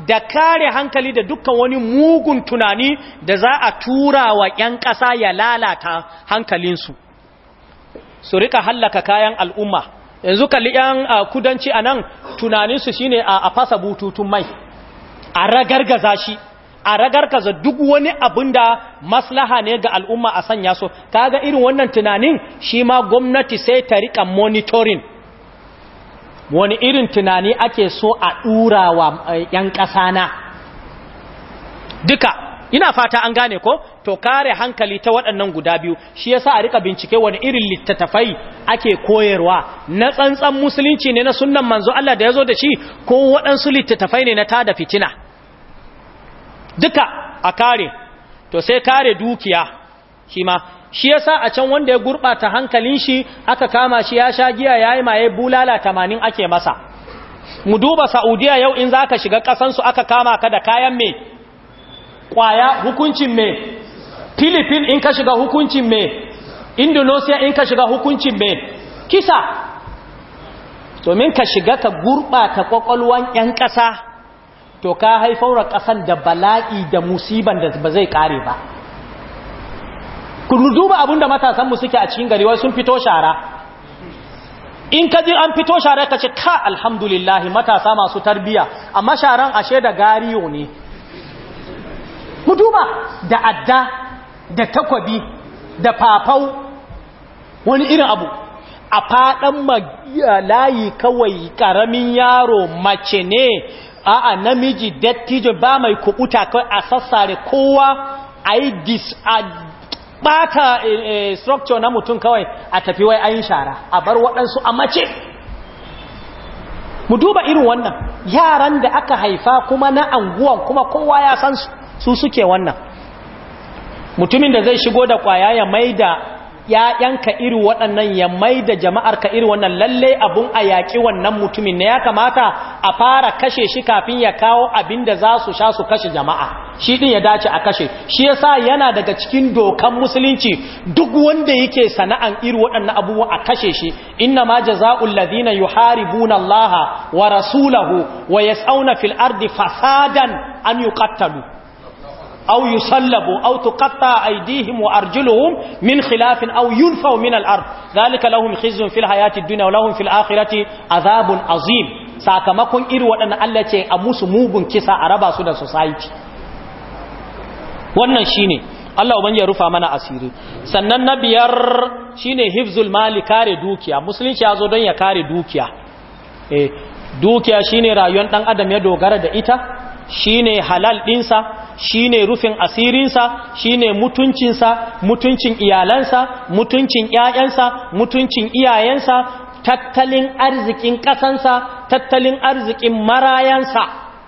da kare hankali da dukkan wani mugun tunani da za a tura wa ƴan ƙasa ya lalata hankalinsu su rika hallaka kayan al'umma yanzu kalli ƴan kudanci a nan tunaninsu shine a fasa bututun mai a ragargaza shi a ragarkaza duk wani abin da maslaha ne ga al'umma a sanya so kaga irin wannan tunanin shi ma gwamnati sai ta rika monitoring wani irin tunani ake so a ɗura wa eh, 'yan ƙasa na duka ina fata an gane ko to kare hankali ta waɗannan guda biyu shi yasa a rika bincike wani irin littattafai ake koyarwa na tsantsan musulunci ne na sunan manzo Allah da ya zo da shi ko waɗansu littattafai ne na tada fitina duka a kare to sai kare dukiya shi ma shi yasa a can wanda ya gurɓata hankalin shi aka kama shi ya sha giya yayi maye bulala tamanin ake masa mu duba saudiya yau in zaka shiga shiga su aka kama ka da kayan me kwaya hukuncin me filifin in ka shiga hukuncin me indonesia in ka shiga hukuncin me kisa domin ka shiga ka gurɓata ƙwaƙwalwan 'yan ƙasa to ka haifar ƙasan da bala'i da musiban da ba zai ƙare ba ku duba abin da matasanmu suke a cikin gari sun fito shara in ka ji an fito shara ka ce ka alhamdulillahi matasa masu tarbiya amma sharan ashe da gariyo ne mu duba da adda da takwabi da fafau wani irin abu a faɗan layi kawai ƙaramin yaro mace ne a'a namiji dattijo ba mai kukuta kai a sassare kowa a yi bata eh, eh, structure na mutum kawai a tafi wai ayin shara a bar waɗansu a mace mu duba irin wannan yaran da aka haifa kuma na anguwan kuma kowa ya san su suke wannan mutumin da zai shigo da kwaya ya maida. ‘ya'yanka iri waɗannan ya mai da jama'arka iri wannan lalle abun a yaƙi wannan mutumin na ya kamata a fara kashe shi kafin ya kawo abin da za su sha su kashe jama'a shi ɗin ya dace a kashe shi yasa yana daga cikin dokan musulunci duk wanda yake sana'an iri waɗannan abubuwa a kashe shi inna ma jaza'ul ladina yuharibuna Allah wa rasulahu wa ya tsauna filardi fasadan an yuqattalu aw yusallabu aw tuqatta aydihim wa arjuluhum min khilafin aw yunfaw min al-ard zalika lahum khizyun fil hayati Duniya wa lahum fil akhirati azabun azim sakamakon iri waɗannan Allah ce a musu mugun kisa a raba su da society wannan shine Allah ban ya rufa mana asiri sannan na biyar shine hifzul mali kare dukiya musulunci ya zo don ya kare dukiya eh dukiya shine rayuwar ɗan adam ya dogara da ita shine halal ɗinsa shine rufin asirinsa shine mutuncinsa mutuncin iyalansa mutuncin ƴaƴansa mutuncin iyayensa tattalin arzikin kasansa tattalin arzikin marayansa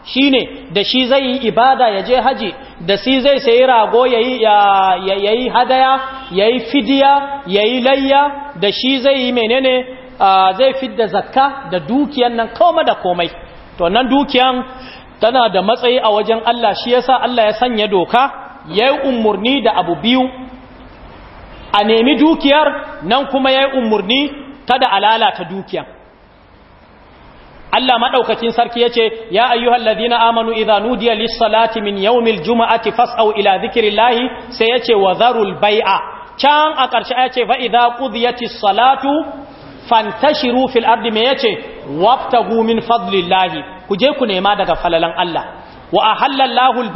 shine da shi zai yi ibada ya je haji da shi zai sayi rago yayi yi hadaya yayi fidiya yayi layya da shi zai yi menene ah, zai fidda zakka da dukiyan nan koma da komai to nan dukiyan tana da matsayi a wajen Allah shi yasa Allah ya sanya doka ya yi umarni da abu biyu a nemi dukiyar nan kuma ya yi umarni kada a lalata dukiya. Allah maɗaukacin sarki ya ce, Ya ayyuhal ladina amanu idanu nudiya lissalati min yawmil juma'ati fas'au ila zikirillahi sai ya ce wa zarul bai'a. Can a ƙarshe ya ce, Fa'iza ƙudiyati salatu fantashiru fil ardi me ya ce, min fadlillahi ku je ku nema daga falalan Allah wa ahallallahu al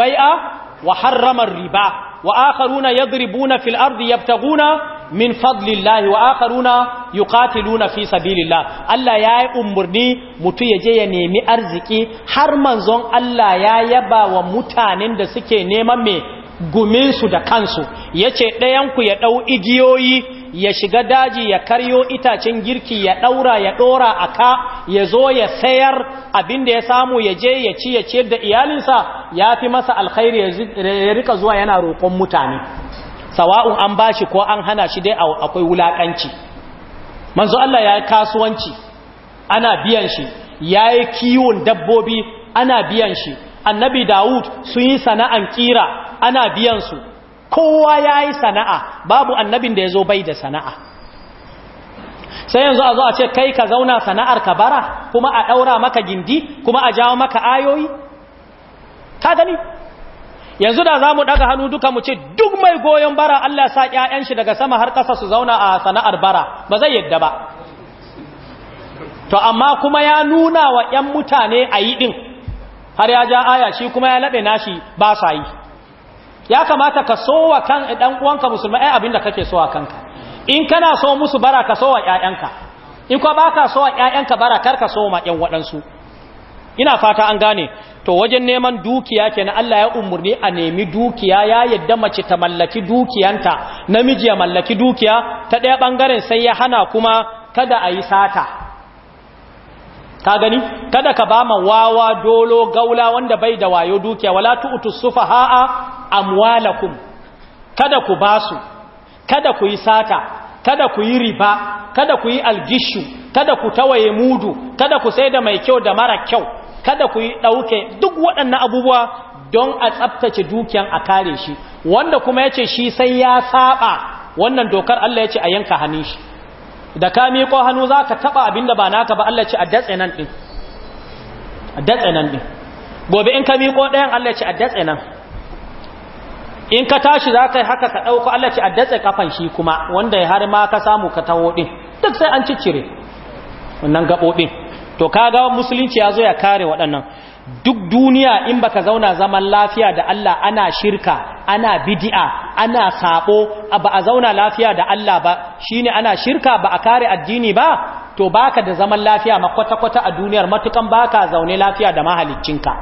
wa harrama riba wa akharuna yadribuna fil ardi yabtaguna min fadlillahi wa akharuna yuqatiluna fi sabilillah Allah ya yi umurni mutu ya je ya nemi arziki har manzon Allah ya yaba wa mutanen da suke neman me guminsu da kansu ya ce ɗayanku ya ɗau igiyoyi ya shiga daji ya karyo itacen girki ya ɗaura ya ɗora a ka ya zo ya sayar abinda ya samu ya je ya ci ya ciyar da iyalinsa ya fi masa alkhairi ya rika zuwa yana roƙon mutane sawa'un an bashi ko an hana shi dai akwai wulaƙanci manzo Allah ya yi kasuwanci ana biyan shi ya yi kiwon dabbobi ana biyan shi annabi Da'ud sun yi sana'an kira ana biyan su kowa yayi sana'a babu annabin da ya zo bai da sana'a sai yanzu a zo a ce kai ka zauna sana'ar ka bara kuma a ɗaura maka gindi kuma a jawo maka ayoyi ka gani yanzu da za mu daga hannu duka mu ce duk mai goyon bara Allah sa ƴaƴan shi daga sama har ƙasa su zauna a sana'ar bara ba zai yadda ba to amma kuma ya nuna wa 'yan mutane a yi ɗin har ya ja aya shi kuma ya laɓe nashi ba sa yi ya kamata ka so wa kan dan uwanka musulma ai abinda kake so wa kanka in kana so musu bara ka so wa ƴaƴanka in ko baka so wa ƴaƴanka bara kar ka so ma ƴan waɗansu ina fata an gane to wajen neman dukiya kenan Allah ya umurni a nemi dukiya ya yadda mace ta mallaki dukiyanta namiji ya mallaki dukiya ta ɗaya bangaren sai ya hana kuma kada a yi sata ka gani kada ka bama wawa dolo gaula wanda bai da wayo dukiya wala tu'tu sufaha'a amwalakum kada ku basu kada ku yi sata kada ku yi riba kada ku yi algishu kada ku tawaye mudu kada ku sai da mai kyau da mara kyau kada ku yi dauke duk waɗannan abubuwa don a tsaftace dukiyan a kare shi wanda kuma yace shi sai ya saba wannan dokar Allah yace a yanka hannun shi da ka miƙo hannu za ka taɓa abinda da ba naka ba Allah ce a datse nan ɗin a datse nan ɗin gobe in ka miƙo ɗayan Allah ce a datse nan in ka tashi za ka yi haka ka ɗauko Allah ce a datse kafan shi kuma wanda ya har ma ka samu ka taho ɗin duk sai an ciccire wannan gaɓoɓin to ka ga musulunci ya zo ya kare waɗannan duk duniya in baka zauna zaman lafiya da Allah ana shirka ana bidi'a ana sabo ba a zauna lafiya da Allah ba shine ana shirka ba a kare addini ba to baka da zaman lafiya ma kwata-kwata a duniyar matukan baka zaune lafiya da mahaliccinka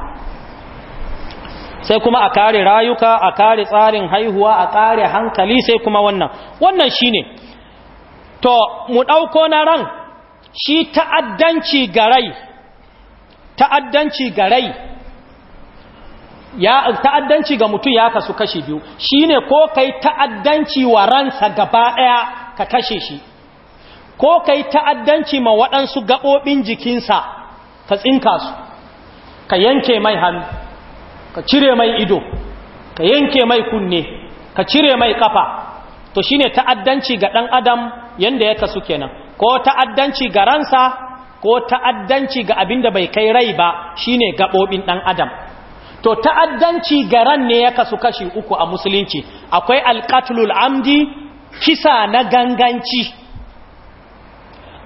sai kuma a kare rayuka a kare tsarin haihuwa a kare hankali sai kuma wannan wannan shine to mu dauko na ran shi ta'addanci ga rai ta'addanci ga rai ya ta'addanci ga mutum ya kasu kashe biyu shine ko kai ta'addanci wa ransa gaba daya ka kashe shi ko kai ta'addanci ma waɗansu gaɓoɓin jikinsa ka tsinka su ka yanke mai hannu ka cire mai ido ka yanke mai kunne ka cire mai kafa to shine ta'addanci ga ɗan adam yanda ya kasu kenan ko ta'addanci ga ransa ko ta'addanci ga abin da bai kai rai ba shine gaɓoɓin ɗan adam to ta'addanci ga ran ne ya kasu kashi uku a musulunci akwai alƙatlul amdi kisa na ganganci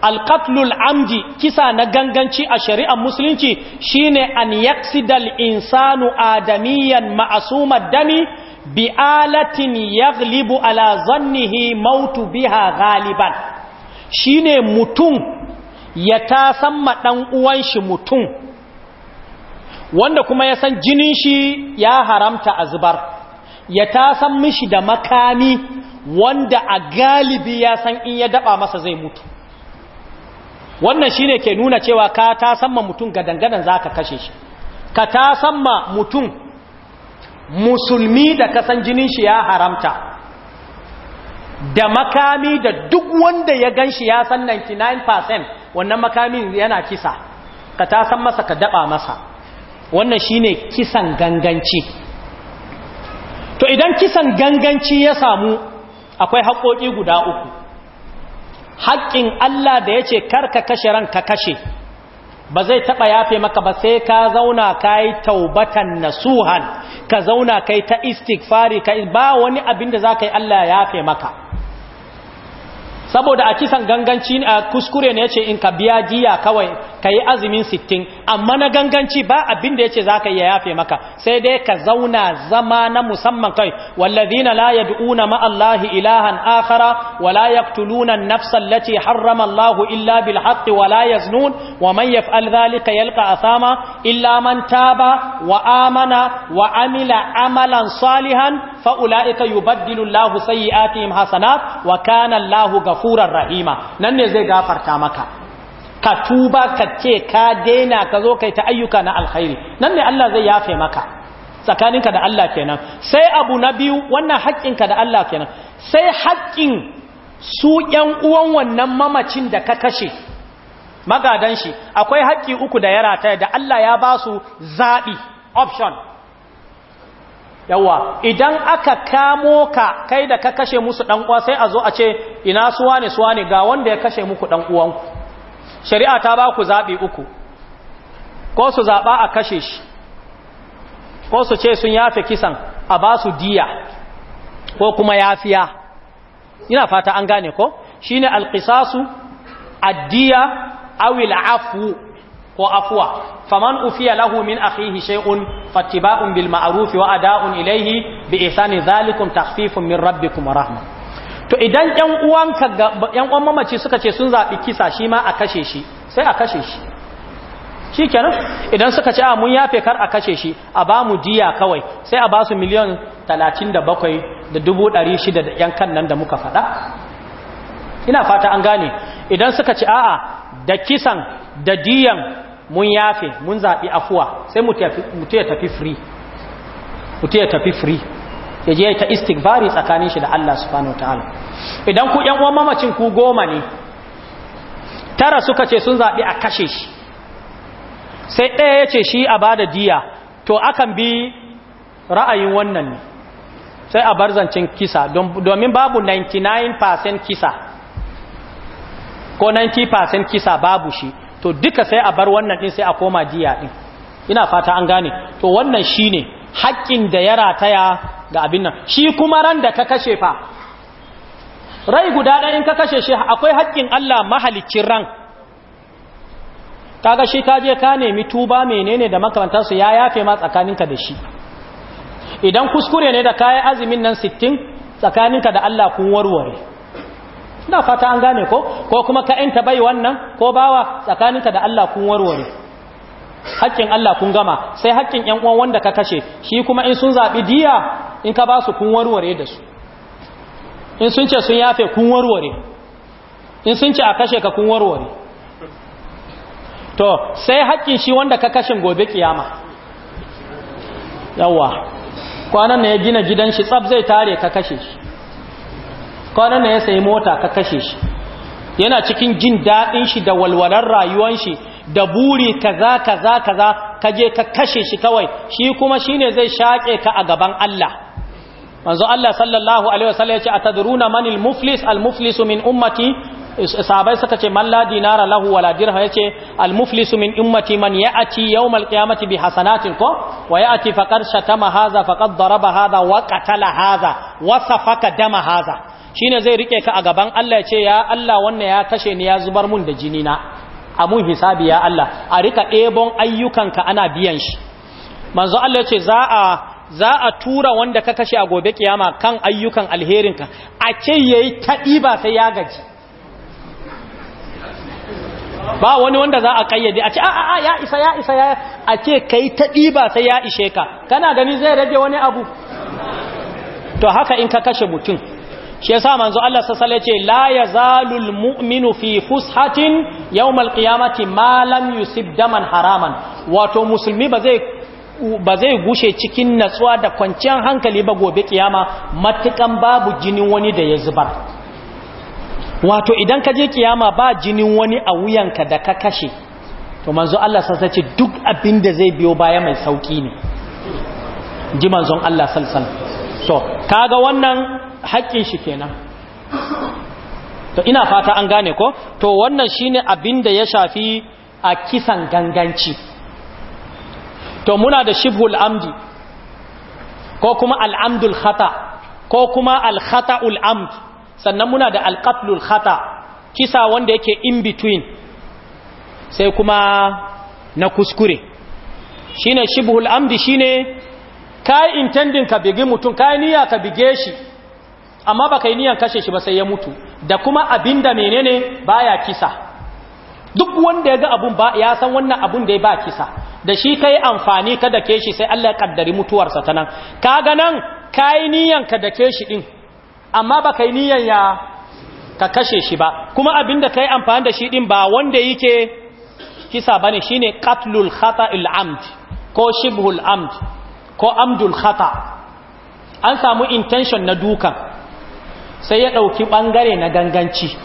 alƙatlul amdi kisa na ganganci a shari'ar musulunci shine an yaksidal insanu adamiyan ma'asumar dami bi alatin yaglibu ala zannihi mautu biha galiban shine mutum ya tasan ma ɗan uwan shi mutum wanda kuma ya san jinin shi ya haramta a zubar ya tasan mishi da makami wanda a galibi ya san in ya daba masa zai mutu wannan shine ke nuna cewa ka san ma mutum gadangadan za ka kashe shi ka tasan ma mutum musulmi da ka san jinin shi ya haramta da makami da duk wanda ya gan shi ya san 99% wannan makamin yana kisa ka ta san masa ka daba masa wannan shine kisan ganganci to idan kisan ganganci ya samu akwai haƙoƙi guda uku haƙƙin Allah da yace karka kashe ranka kashe ba zai taɓa yafe maka ba sai ka zauna ka yi taubatan nasuhan ka zauna ka yi ta istighfari ka ba wani abin da za ka yi Allah ya yafe maka saboda a kisan ganganci a kuskure ne ce in ka biya diya kawai ka yi azumin sittin amma na ganganci ba abin da ya ce za ka iya yafe maka sai dai ka zauna zama na musamman kai wallazina la yad'una ma Allahi ilahan akhara wa la yaqtuluna an-nafsa allati harrama Allahu illa bil haqqi wa la yaznun wa man yaf'al dhalika yalqa asama illa man taba wa amana wa amila amalan salihan fa ulaika yubaddilu Allahu sayyi'atihim hasanat wa kana Allahu ghafurar rahima nan ne zai gafarta maka ka tuba ka ce ka daina ka zo kai ta ayyuka na alkhairi nan ne Allah zai yafe maka tsakaninka da Allah kenan sai abu na biyu wannan haƙƙinka da Allah kenan sai haƙƙin su ƴan uwan wannan mamacin da ka kashe magadan shi akwai haƙƙi uku da ya rataya da Allah ya ba su zaɓi option yawa idan aka kamo ka kai da ka kashe musu ɗan uwa sai a zo a ce ina suwa ne suwa ne ga wanda ya kashe muku ɗan uwanku. shari'a ta ba ku zaɓi uku ko su zaɓa a kashe shi ko su ce sun yafe kisan a ba su diya ko kuma yafiya ina fata an gane ko shi ne alƙisasu addiya awil afu ko afuwa faman ufiya lahu min akhihi shay'un fattiba'un bil ma'ruf wa ada'un ilayhi bi ihsani dhalikum takhfifun min rabbikum rahma. rahmah to idan ƴan uwanka ƴan uwan mamaci suka ce sun zaɓi kisa shi ma a kashe shi sai a kashe shi shi kenan idan suka ce a mun yafe kar a kashe shi a ba mu diya kawai sai a ba su miliyan talatin da bakwai ƴan kan nan da muka faɗa ina fata an gane idan suka ce a'a da kisan da diyan mun yafe mun zaɓi afuwa sai mu ya tafi free ya je ta istighfari tsakanin shi da Allah subhanahu wataala idan ku yan uwan mamacin ku goma ne tara suka ce sun zabi a kashe shi sai ɗaya ya ce shi a bada diya to akan bi ra'ayin wannan ne sai a barzancin kisa domin babu 99% kisa ko 90% kisa babu shi to duka sai a bar wannan din sai a koma diya din ina fata an gane to wannan shine haƙƙin da ya rataya ga abin nan shi kuma ran da ka kashe fa rai guda ɗaya in ka kashe shi akwai haƙƙin Allah mahalicin ran kaga shi ka je ka nemi tuba menene da su ya yafe ma tsakaninka da shi idan kuskure ne da kayan azumin nan sittin tsakaninka da Allah kun warware ina fata an gane ko ko kuma ka yanta bai wannan ko bawa tsakaninka da Allah kun warware haƙƙin Allah kun gama sai haƙƙin ƴan uwan wanda ka kashe shi kuma in sun zabi diya in ka ba su kun warware da su in sun ce sun yafe kun warware in sun ce a kashe ka kun warware to sai haƙƙin shi wanda ka kashin gobe kiyama yawa kwanan na ya gina gidan shi tsab zai tare ka kashe shi kwanan na ya sayi mota ka kashe shi yana cikin jin daɗin shi da walwalar rayuwan shi da buri kaza kaza kaza ka je ka kashe shi kawai shi kuma shine zai shake ka a gaban Allah manzo Allah sallallahu alaihi wasallam yace atadruna manil muflis al muflisu min ummati sahabai suka ce man la dinara lahu wala dirham yace al muflisu min ummati man ya'ati yawm al qiyamati bi hasanatin ko wa ya'ati faqad shatama hadha faqad daraba hadha wa qatala hadha wa safaka dama hadha shine zai rike ka a gaban Allah yace ya Allah wannan ya kashe ni ya zubar mun da jini na amun hisabi ya Allah a rika ɗebon ayyukanka ana biyan shi manzo Allah ce za a za a tura wanda ka kashe a gobe kiyama kan ayyukan alherinka a ce yayi taɗi ba sai ya gaji ba wani wanda za a kayyade a ce a'a ya isa ya isa ya a ce kai taɗi ba sai ya ishe ka kana gani zai rage wani abu to haka in ka kashe mutum shi yasa manzo Allah sassale ce la ya zalul mu'minu fi fushatin yawmal qiyamati malam yusuf daman haraman wato musulmi ba zai gushe cikin natsuwa da kwanciyar hankali ba gobe kiyama matukan babu jinin wani da ya zubar wato idan ka je kiyama ba jinin wani a wuyanka da ka kashe to manzo Allah sassace duk abin da zai biyo baya mai sauki ne ji manzon Allah sallallahu alaihi kaga wannan haƙƙin shi kenan to ina fata an gane ko to wannan shine abin da ya shafi a kisan ganganci to muna da shibhul amdi ko kuma al'amdul khata ko kuma al-khata'ul amd sannan muna da al-qatlul khata kisa wanda yake in between sai kuma na kuskure shine shibhul amdi shine kai intending ka bigi mutum kai niyya ka bige shi amma baka yi niyan kashe shi ba sai ya mutu da kuma abinda menene baya kisa duk wanda ya ga abun ba ya san wannan abun da ya ba kisa da shi kai amfani ka ke shi sai Allah ya kaddari mutuwarsa ta nan kaga nan kai niyan ka ke shi din amma baka yi niyan ya ka kashe shi ba kuma abinda kai amfani da shi din ba wanda yake kisa ba bane shine qatlul khata'il amd ko shibhul amd ko amdul khata' an samu intention na dukan sai ya ɗauki ɓangare na ganganci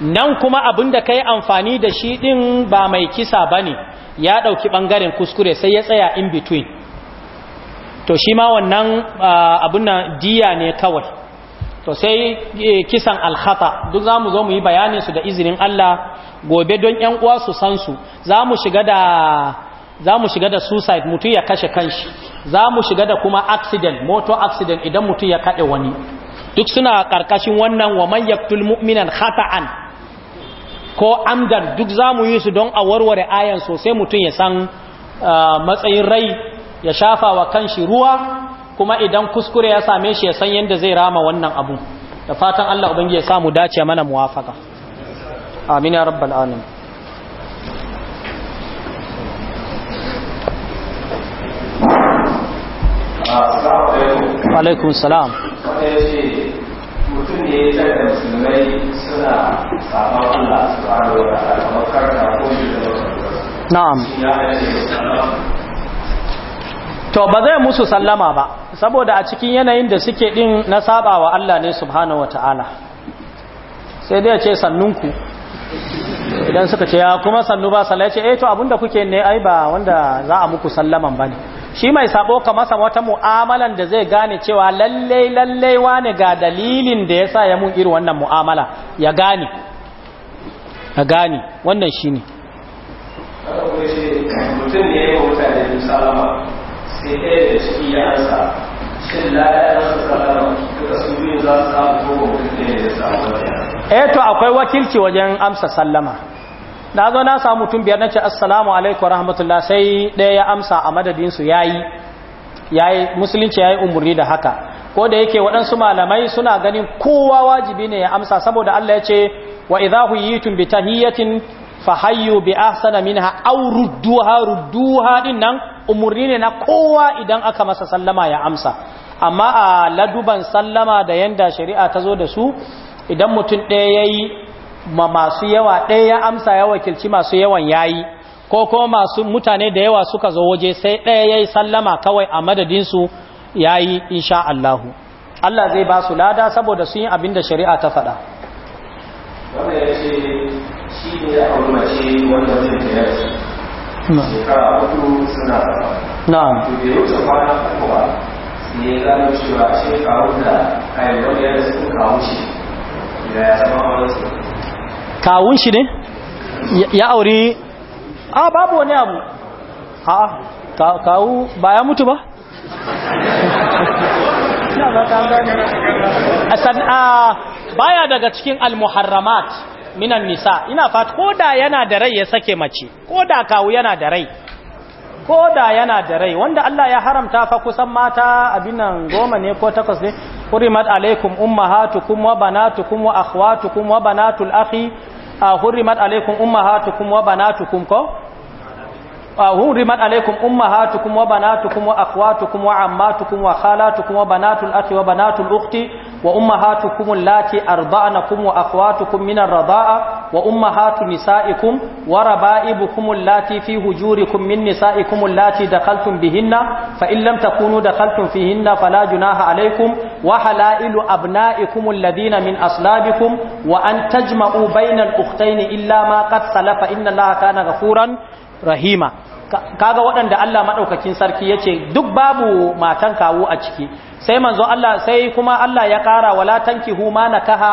nan kuma abin da ka yi amfani da shi ɗin ba mai kisa ba ne ya ɗauki ɓangaren kuskure sai ya tsaya in between to shi ma wannan abin na diya ne kawai to sai e, kisan alhata duk za mu zo mu yi su da izinin Allah gobe don ‘yan uwa su san su za mu shiga da za mu suicide mutum ya kashe kanshi za mu shiga da kuma accident moto accident idan mutum ya kaɗe wani duk suna ƙarƙashin wannan wa man yaktul mu'minan khata'an ko amdan duk zamu yi su don a warware ayan sosai mutum ya san uh, matsayin rai ya shafa wa kanshi ruwa kuma idan kuskure ya same shi ya san yadda zai rama wannan abu da fatan Allah ubangi ya samu dace mana muwafaka amin ya rabbal alamin alaikum salam wanda ya ce mutum ne ya musulmai suna sabon Allah su da ko da na'am to ba zai musu sallama ba saboda a cikin yanayin da suke ɗin na saba Allah ne subhanahu wataala sai dai ya ce sannunku idan suka ce ya kuma sannu ba sallai ce eh to abinda kuke ne ai ba wanda za a muku sallaman bane shi mai sabo ka masa wata mu'amalan da zai gane cewa lallai lallai wane ga dalilin da yasa ya mun iri wannan mu'amala ya gane ya gane wannan shi ne ya akwai wakilci wajen amsa sallama na zo na samu mutum biyar na ce assalamu alaikum rahmatullah sai ɗaya ya amsa a su yayi yayi musulunci yayi umurni umarni da haka ko da yake waɗansu malamai suna ganin kowa wajibi ne ya amsa saboda Allah ya ce wa idza huyitum bi tahiyatin fahayyu bi ahsana minha aw rudduha rudduha dinnan umurni ne na kowa idan aka masa sallama ya amsa amma a laduban sallama da yanda shari'a ta zo da su idan mutum ɗaya yayi ma masu yawa ɗaya ya amsa ya wakilci masu yawan yayi ko ko masu mutane da yawa suka zo waje sai ɗaya ya yi sallama kawai a madadinsu yayi insha Allah Allah zai ba su lada saboda sun yi abin da shari'a ta faɗa wanda ya ce shi ne to kawun shi ne ya auri a babu wani abu a kawu ba ya mutu ba baya daga cikin almuharramat minan nisa ina fata ko da yana da rai ya sake mace ko da kawu yana da rai ko da yana da rai wanda Allah ya haramta fa kusan mata abinan goma ne ko takwas ne hurimat alaikum ummahatukum wa banatukum wa akhwatukum wa banatul akhi a ah, hurrimat alaikum ummahatukum wa banatukum ko Uh, hurrimat alaikum ummahatukum wa banatukum wa akhwatukum wa ammatukum wa khalatukum wa banatul akhi wa banatul ukhti wa ummahatukum allati arda'nakum wa akhwatukum min ar-radha'a wa ummahatu nisa'ikum wa raba'ibukum allati fi hujurikum min nisa'ikum allati dakhaltum bihinna fa in da kaltun dakhaltum fihinna fala junaha alaykum wa halailu abna'ikum alladhina min aslabikum wa an tajma'u bayna al-ukhtayn illa ma qad salafa inna allaha kana ghafuran rahima kaga waɗanda Allah maɗaukakin sarki ya ce duk babu matan kawo a ciki sai manzo Allah sai kuma Allah ya ƙara wala tankihu ma a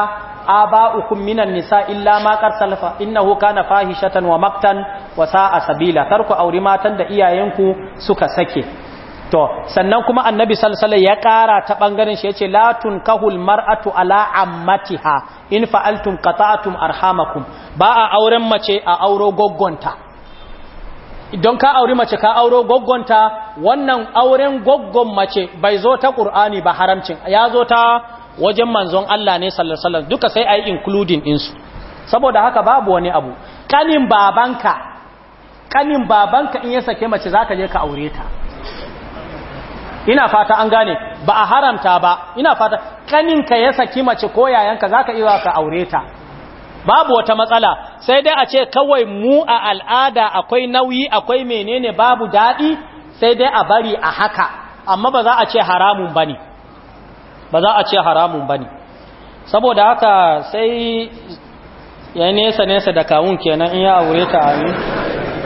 aba'ukum minan nisa illa ma na huka na kana fahishatan wa maktan wa sa'a sabila ku auri matan da iyayenku suka sake to sannan kuma annabi sallallahu ya ƙara ta bangaren shi yace la tunkahul mar'atu ala ammatiha in fa'altum qata'tum arhamakum ba a auren mace a auro goggonta idan ka auri mace ka auro goggonta wannan auren goggon mace bai zo ta ƙur'ani ba haramcin ya zo ta wajen manzon Allah ne sallallahu duka sai a yi including su. saboda haka babu wani abu kanin babanka kanin babanka in ya sake mace zaka je ka aure ta ina fata an gane ba a haramta ba ina fata ka ya saki mace ko yayanka zaka iya ka aure ta babu wata matsala sai dai a ce kawai mu a al'ada akwai nauyi akwai menene babu daɗi sai dai a bari a haka amma ba za a ce haramun bane ba za a ce haramun bane saboda haka sai ya nesa nesa da kawun kenan in ya aure ta ayi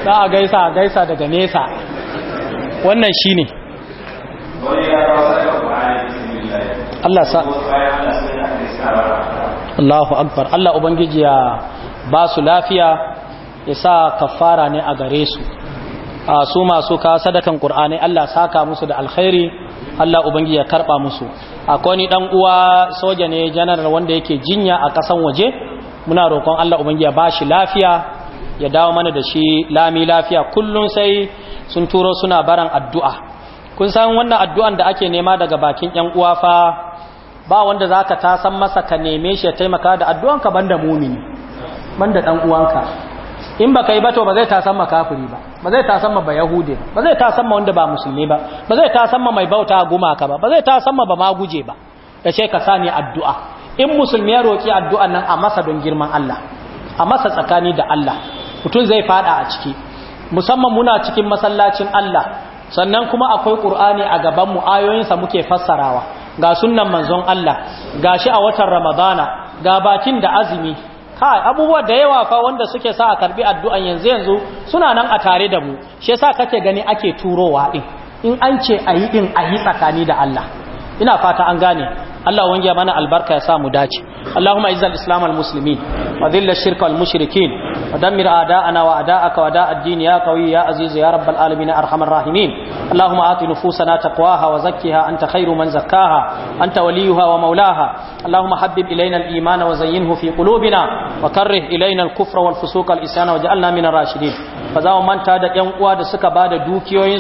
za a gaisa a gaisa daga nesa wannan shi ne. shine Allah sa Allahu akbar Allah ubangiji ya ba su lafiya ya sa kafara ne a gare su a su masu ka sadakan qur'ani Allah saka musu da alkhairi Allah ubangiji ya karba musu akwai ni dan uwa soja ne janar wanda yake jinya a kasan waje muna roƙon Allah ubangiji ya ba shi lafiya ya dawo mana da shi lami lafiya kullun sai sun turo suna baran addu'a kun san wannan addu'an da ake nema daga bakin yan uwa fa ba wanda za ka tasan masa ka neme shi ya taimaka da addu'anka banda mumini banda ɗan uwanka in ba ka yi bato ba zai san ma kafiri ba ba zai tasan ma ba ba zai tasan ma wanda ba musulmi ba ba zai tasan ma mai bauta gumaka ba ba zai tasan ma ba maguje ba da ce ka sani addu'a in musulmi ya roƙi addu'an nan a masa don girman Allah a masa tsakani da Allah mutum zai faɗa a ciki musamman muna cikin masallacin Allah sannan kuma akwai ƙur'ani a gabanmu ayoyinsa muke fassarawa ga sunnan manzon Allah ga shi a watan ramadana ga bakin da azumi kai abubuwa da yawa fa wanda suke sa a karbi addu'an yanzu yanzu suna nan a tare da mu shi yasa kake gani ake turowa din in an ce ayi din ayi tsakani da Allah ina fata an gane Allah wangiya mana albarka ya sa mu dace Allahumma izzal islam musulmin. muslimin wa dhilla shirka mushrikin ودمر أعداءنا وأعداءك وأعداء الدين يا قوي يا عزيز يا رب العالمين أرحم الراحمين اللهم آت نفوسنا تقواها وزكها أنت خير من زكاها أنت وليها ومولاها اللهم حبب إلينا الإيمان وزينه في قلوبنا وكره إلينا الكفر والفسوق والإسان وجعلنا من الراشدين ba za mu manta da ƴan uwa da suka ba da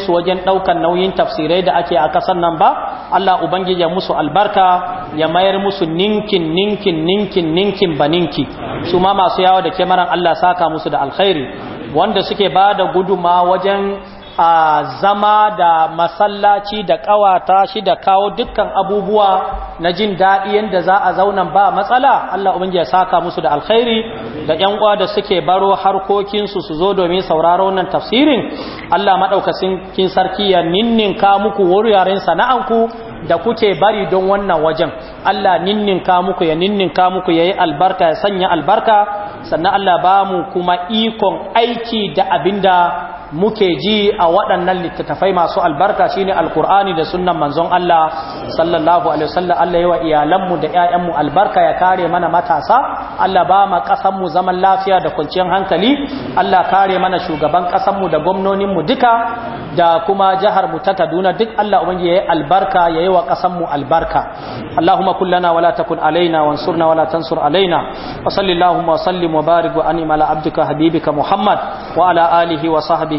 su wajen ɗaukan nauyin tafsirai da ake a ƙasar nan ba Allah ubangiji ya musu albarka ya mayar musu ninkin ninkin ninkin ninkin baninki su ma masu yawa da kemaran Allah saka musu da alkhairi wanda suke ba da guduma wajen a zama da masallaci da kawata shi da kawo dukkan abubuwa na jin daɗi yadda za a zaunan ba matsala Allah ubangiji ya saka musu da alkhairi da yan uwa da suke baro harkokinsu su zo domin sauraro nan tafsirin Allah maɗaukacin kin sarki ya ninninka muku wuraren sana'anku da kuke bari don wannan wajen Allah ninninka muku ya ninninka muku yayi albarka ya sanya albarka sannan Allah ba mu kuma ikon aiki da abinda muke ji a waɗannan littattafai masu albarka shine alkur'ani da sunnan manzon Allah sallallahu alaihi wasallam Allah yawa iyalanmu da ƴaƴanmu albarka ya kare mana matasa Allah ba ma mu zaman lafiya da kwanciyar hankali Allah kare mana shugaban ƙasanmu da gwamnoninmu duka da kuma jihar mu ta Kaduna duk Allah ubangiji yayi albarka yayi wa ƙasanmu albarka Allahumma kullana wala takun alaina wansurna wala tansur alaina wa sallallahu wa sallim wa barik wa anima ala abdika habibika Muhammad wa ala alihi wa sahbihi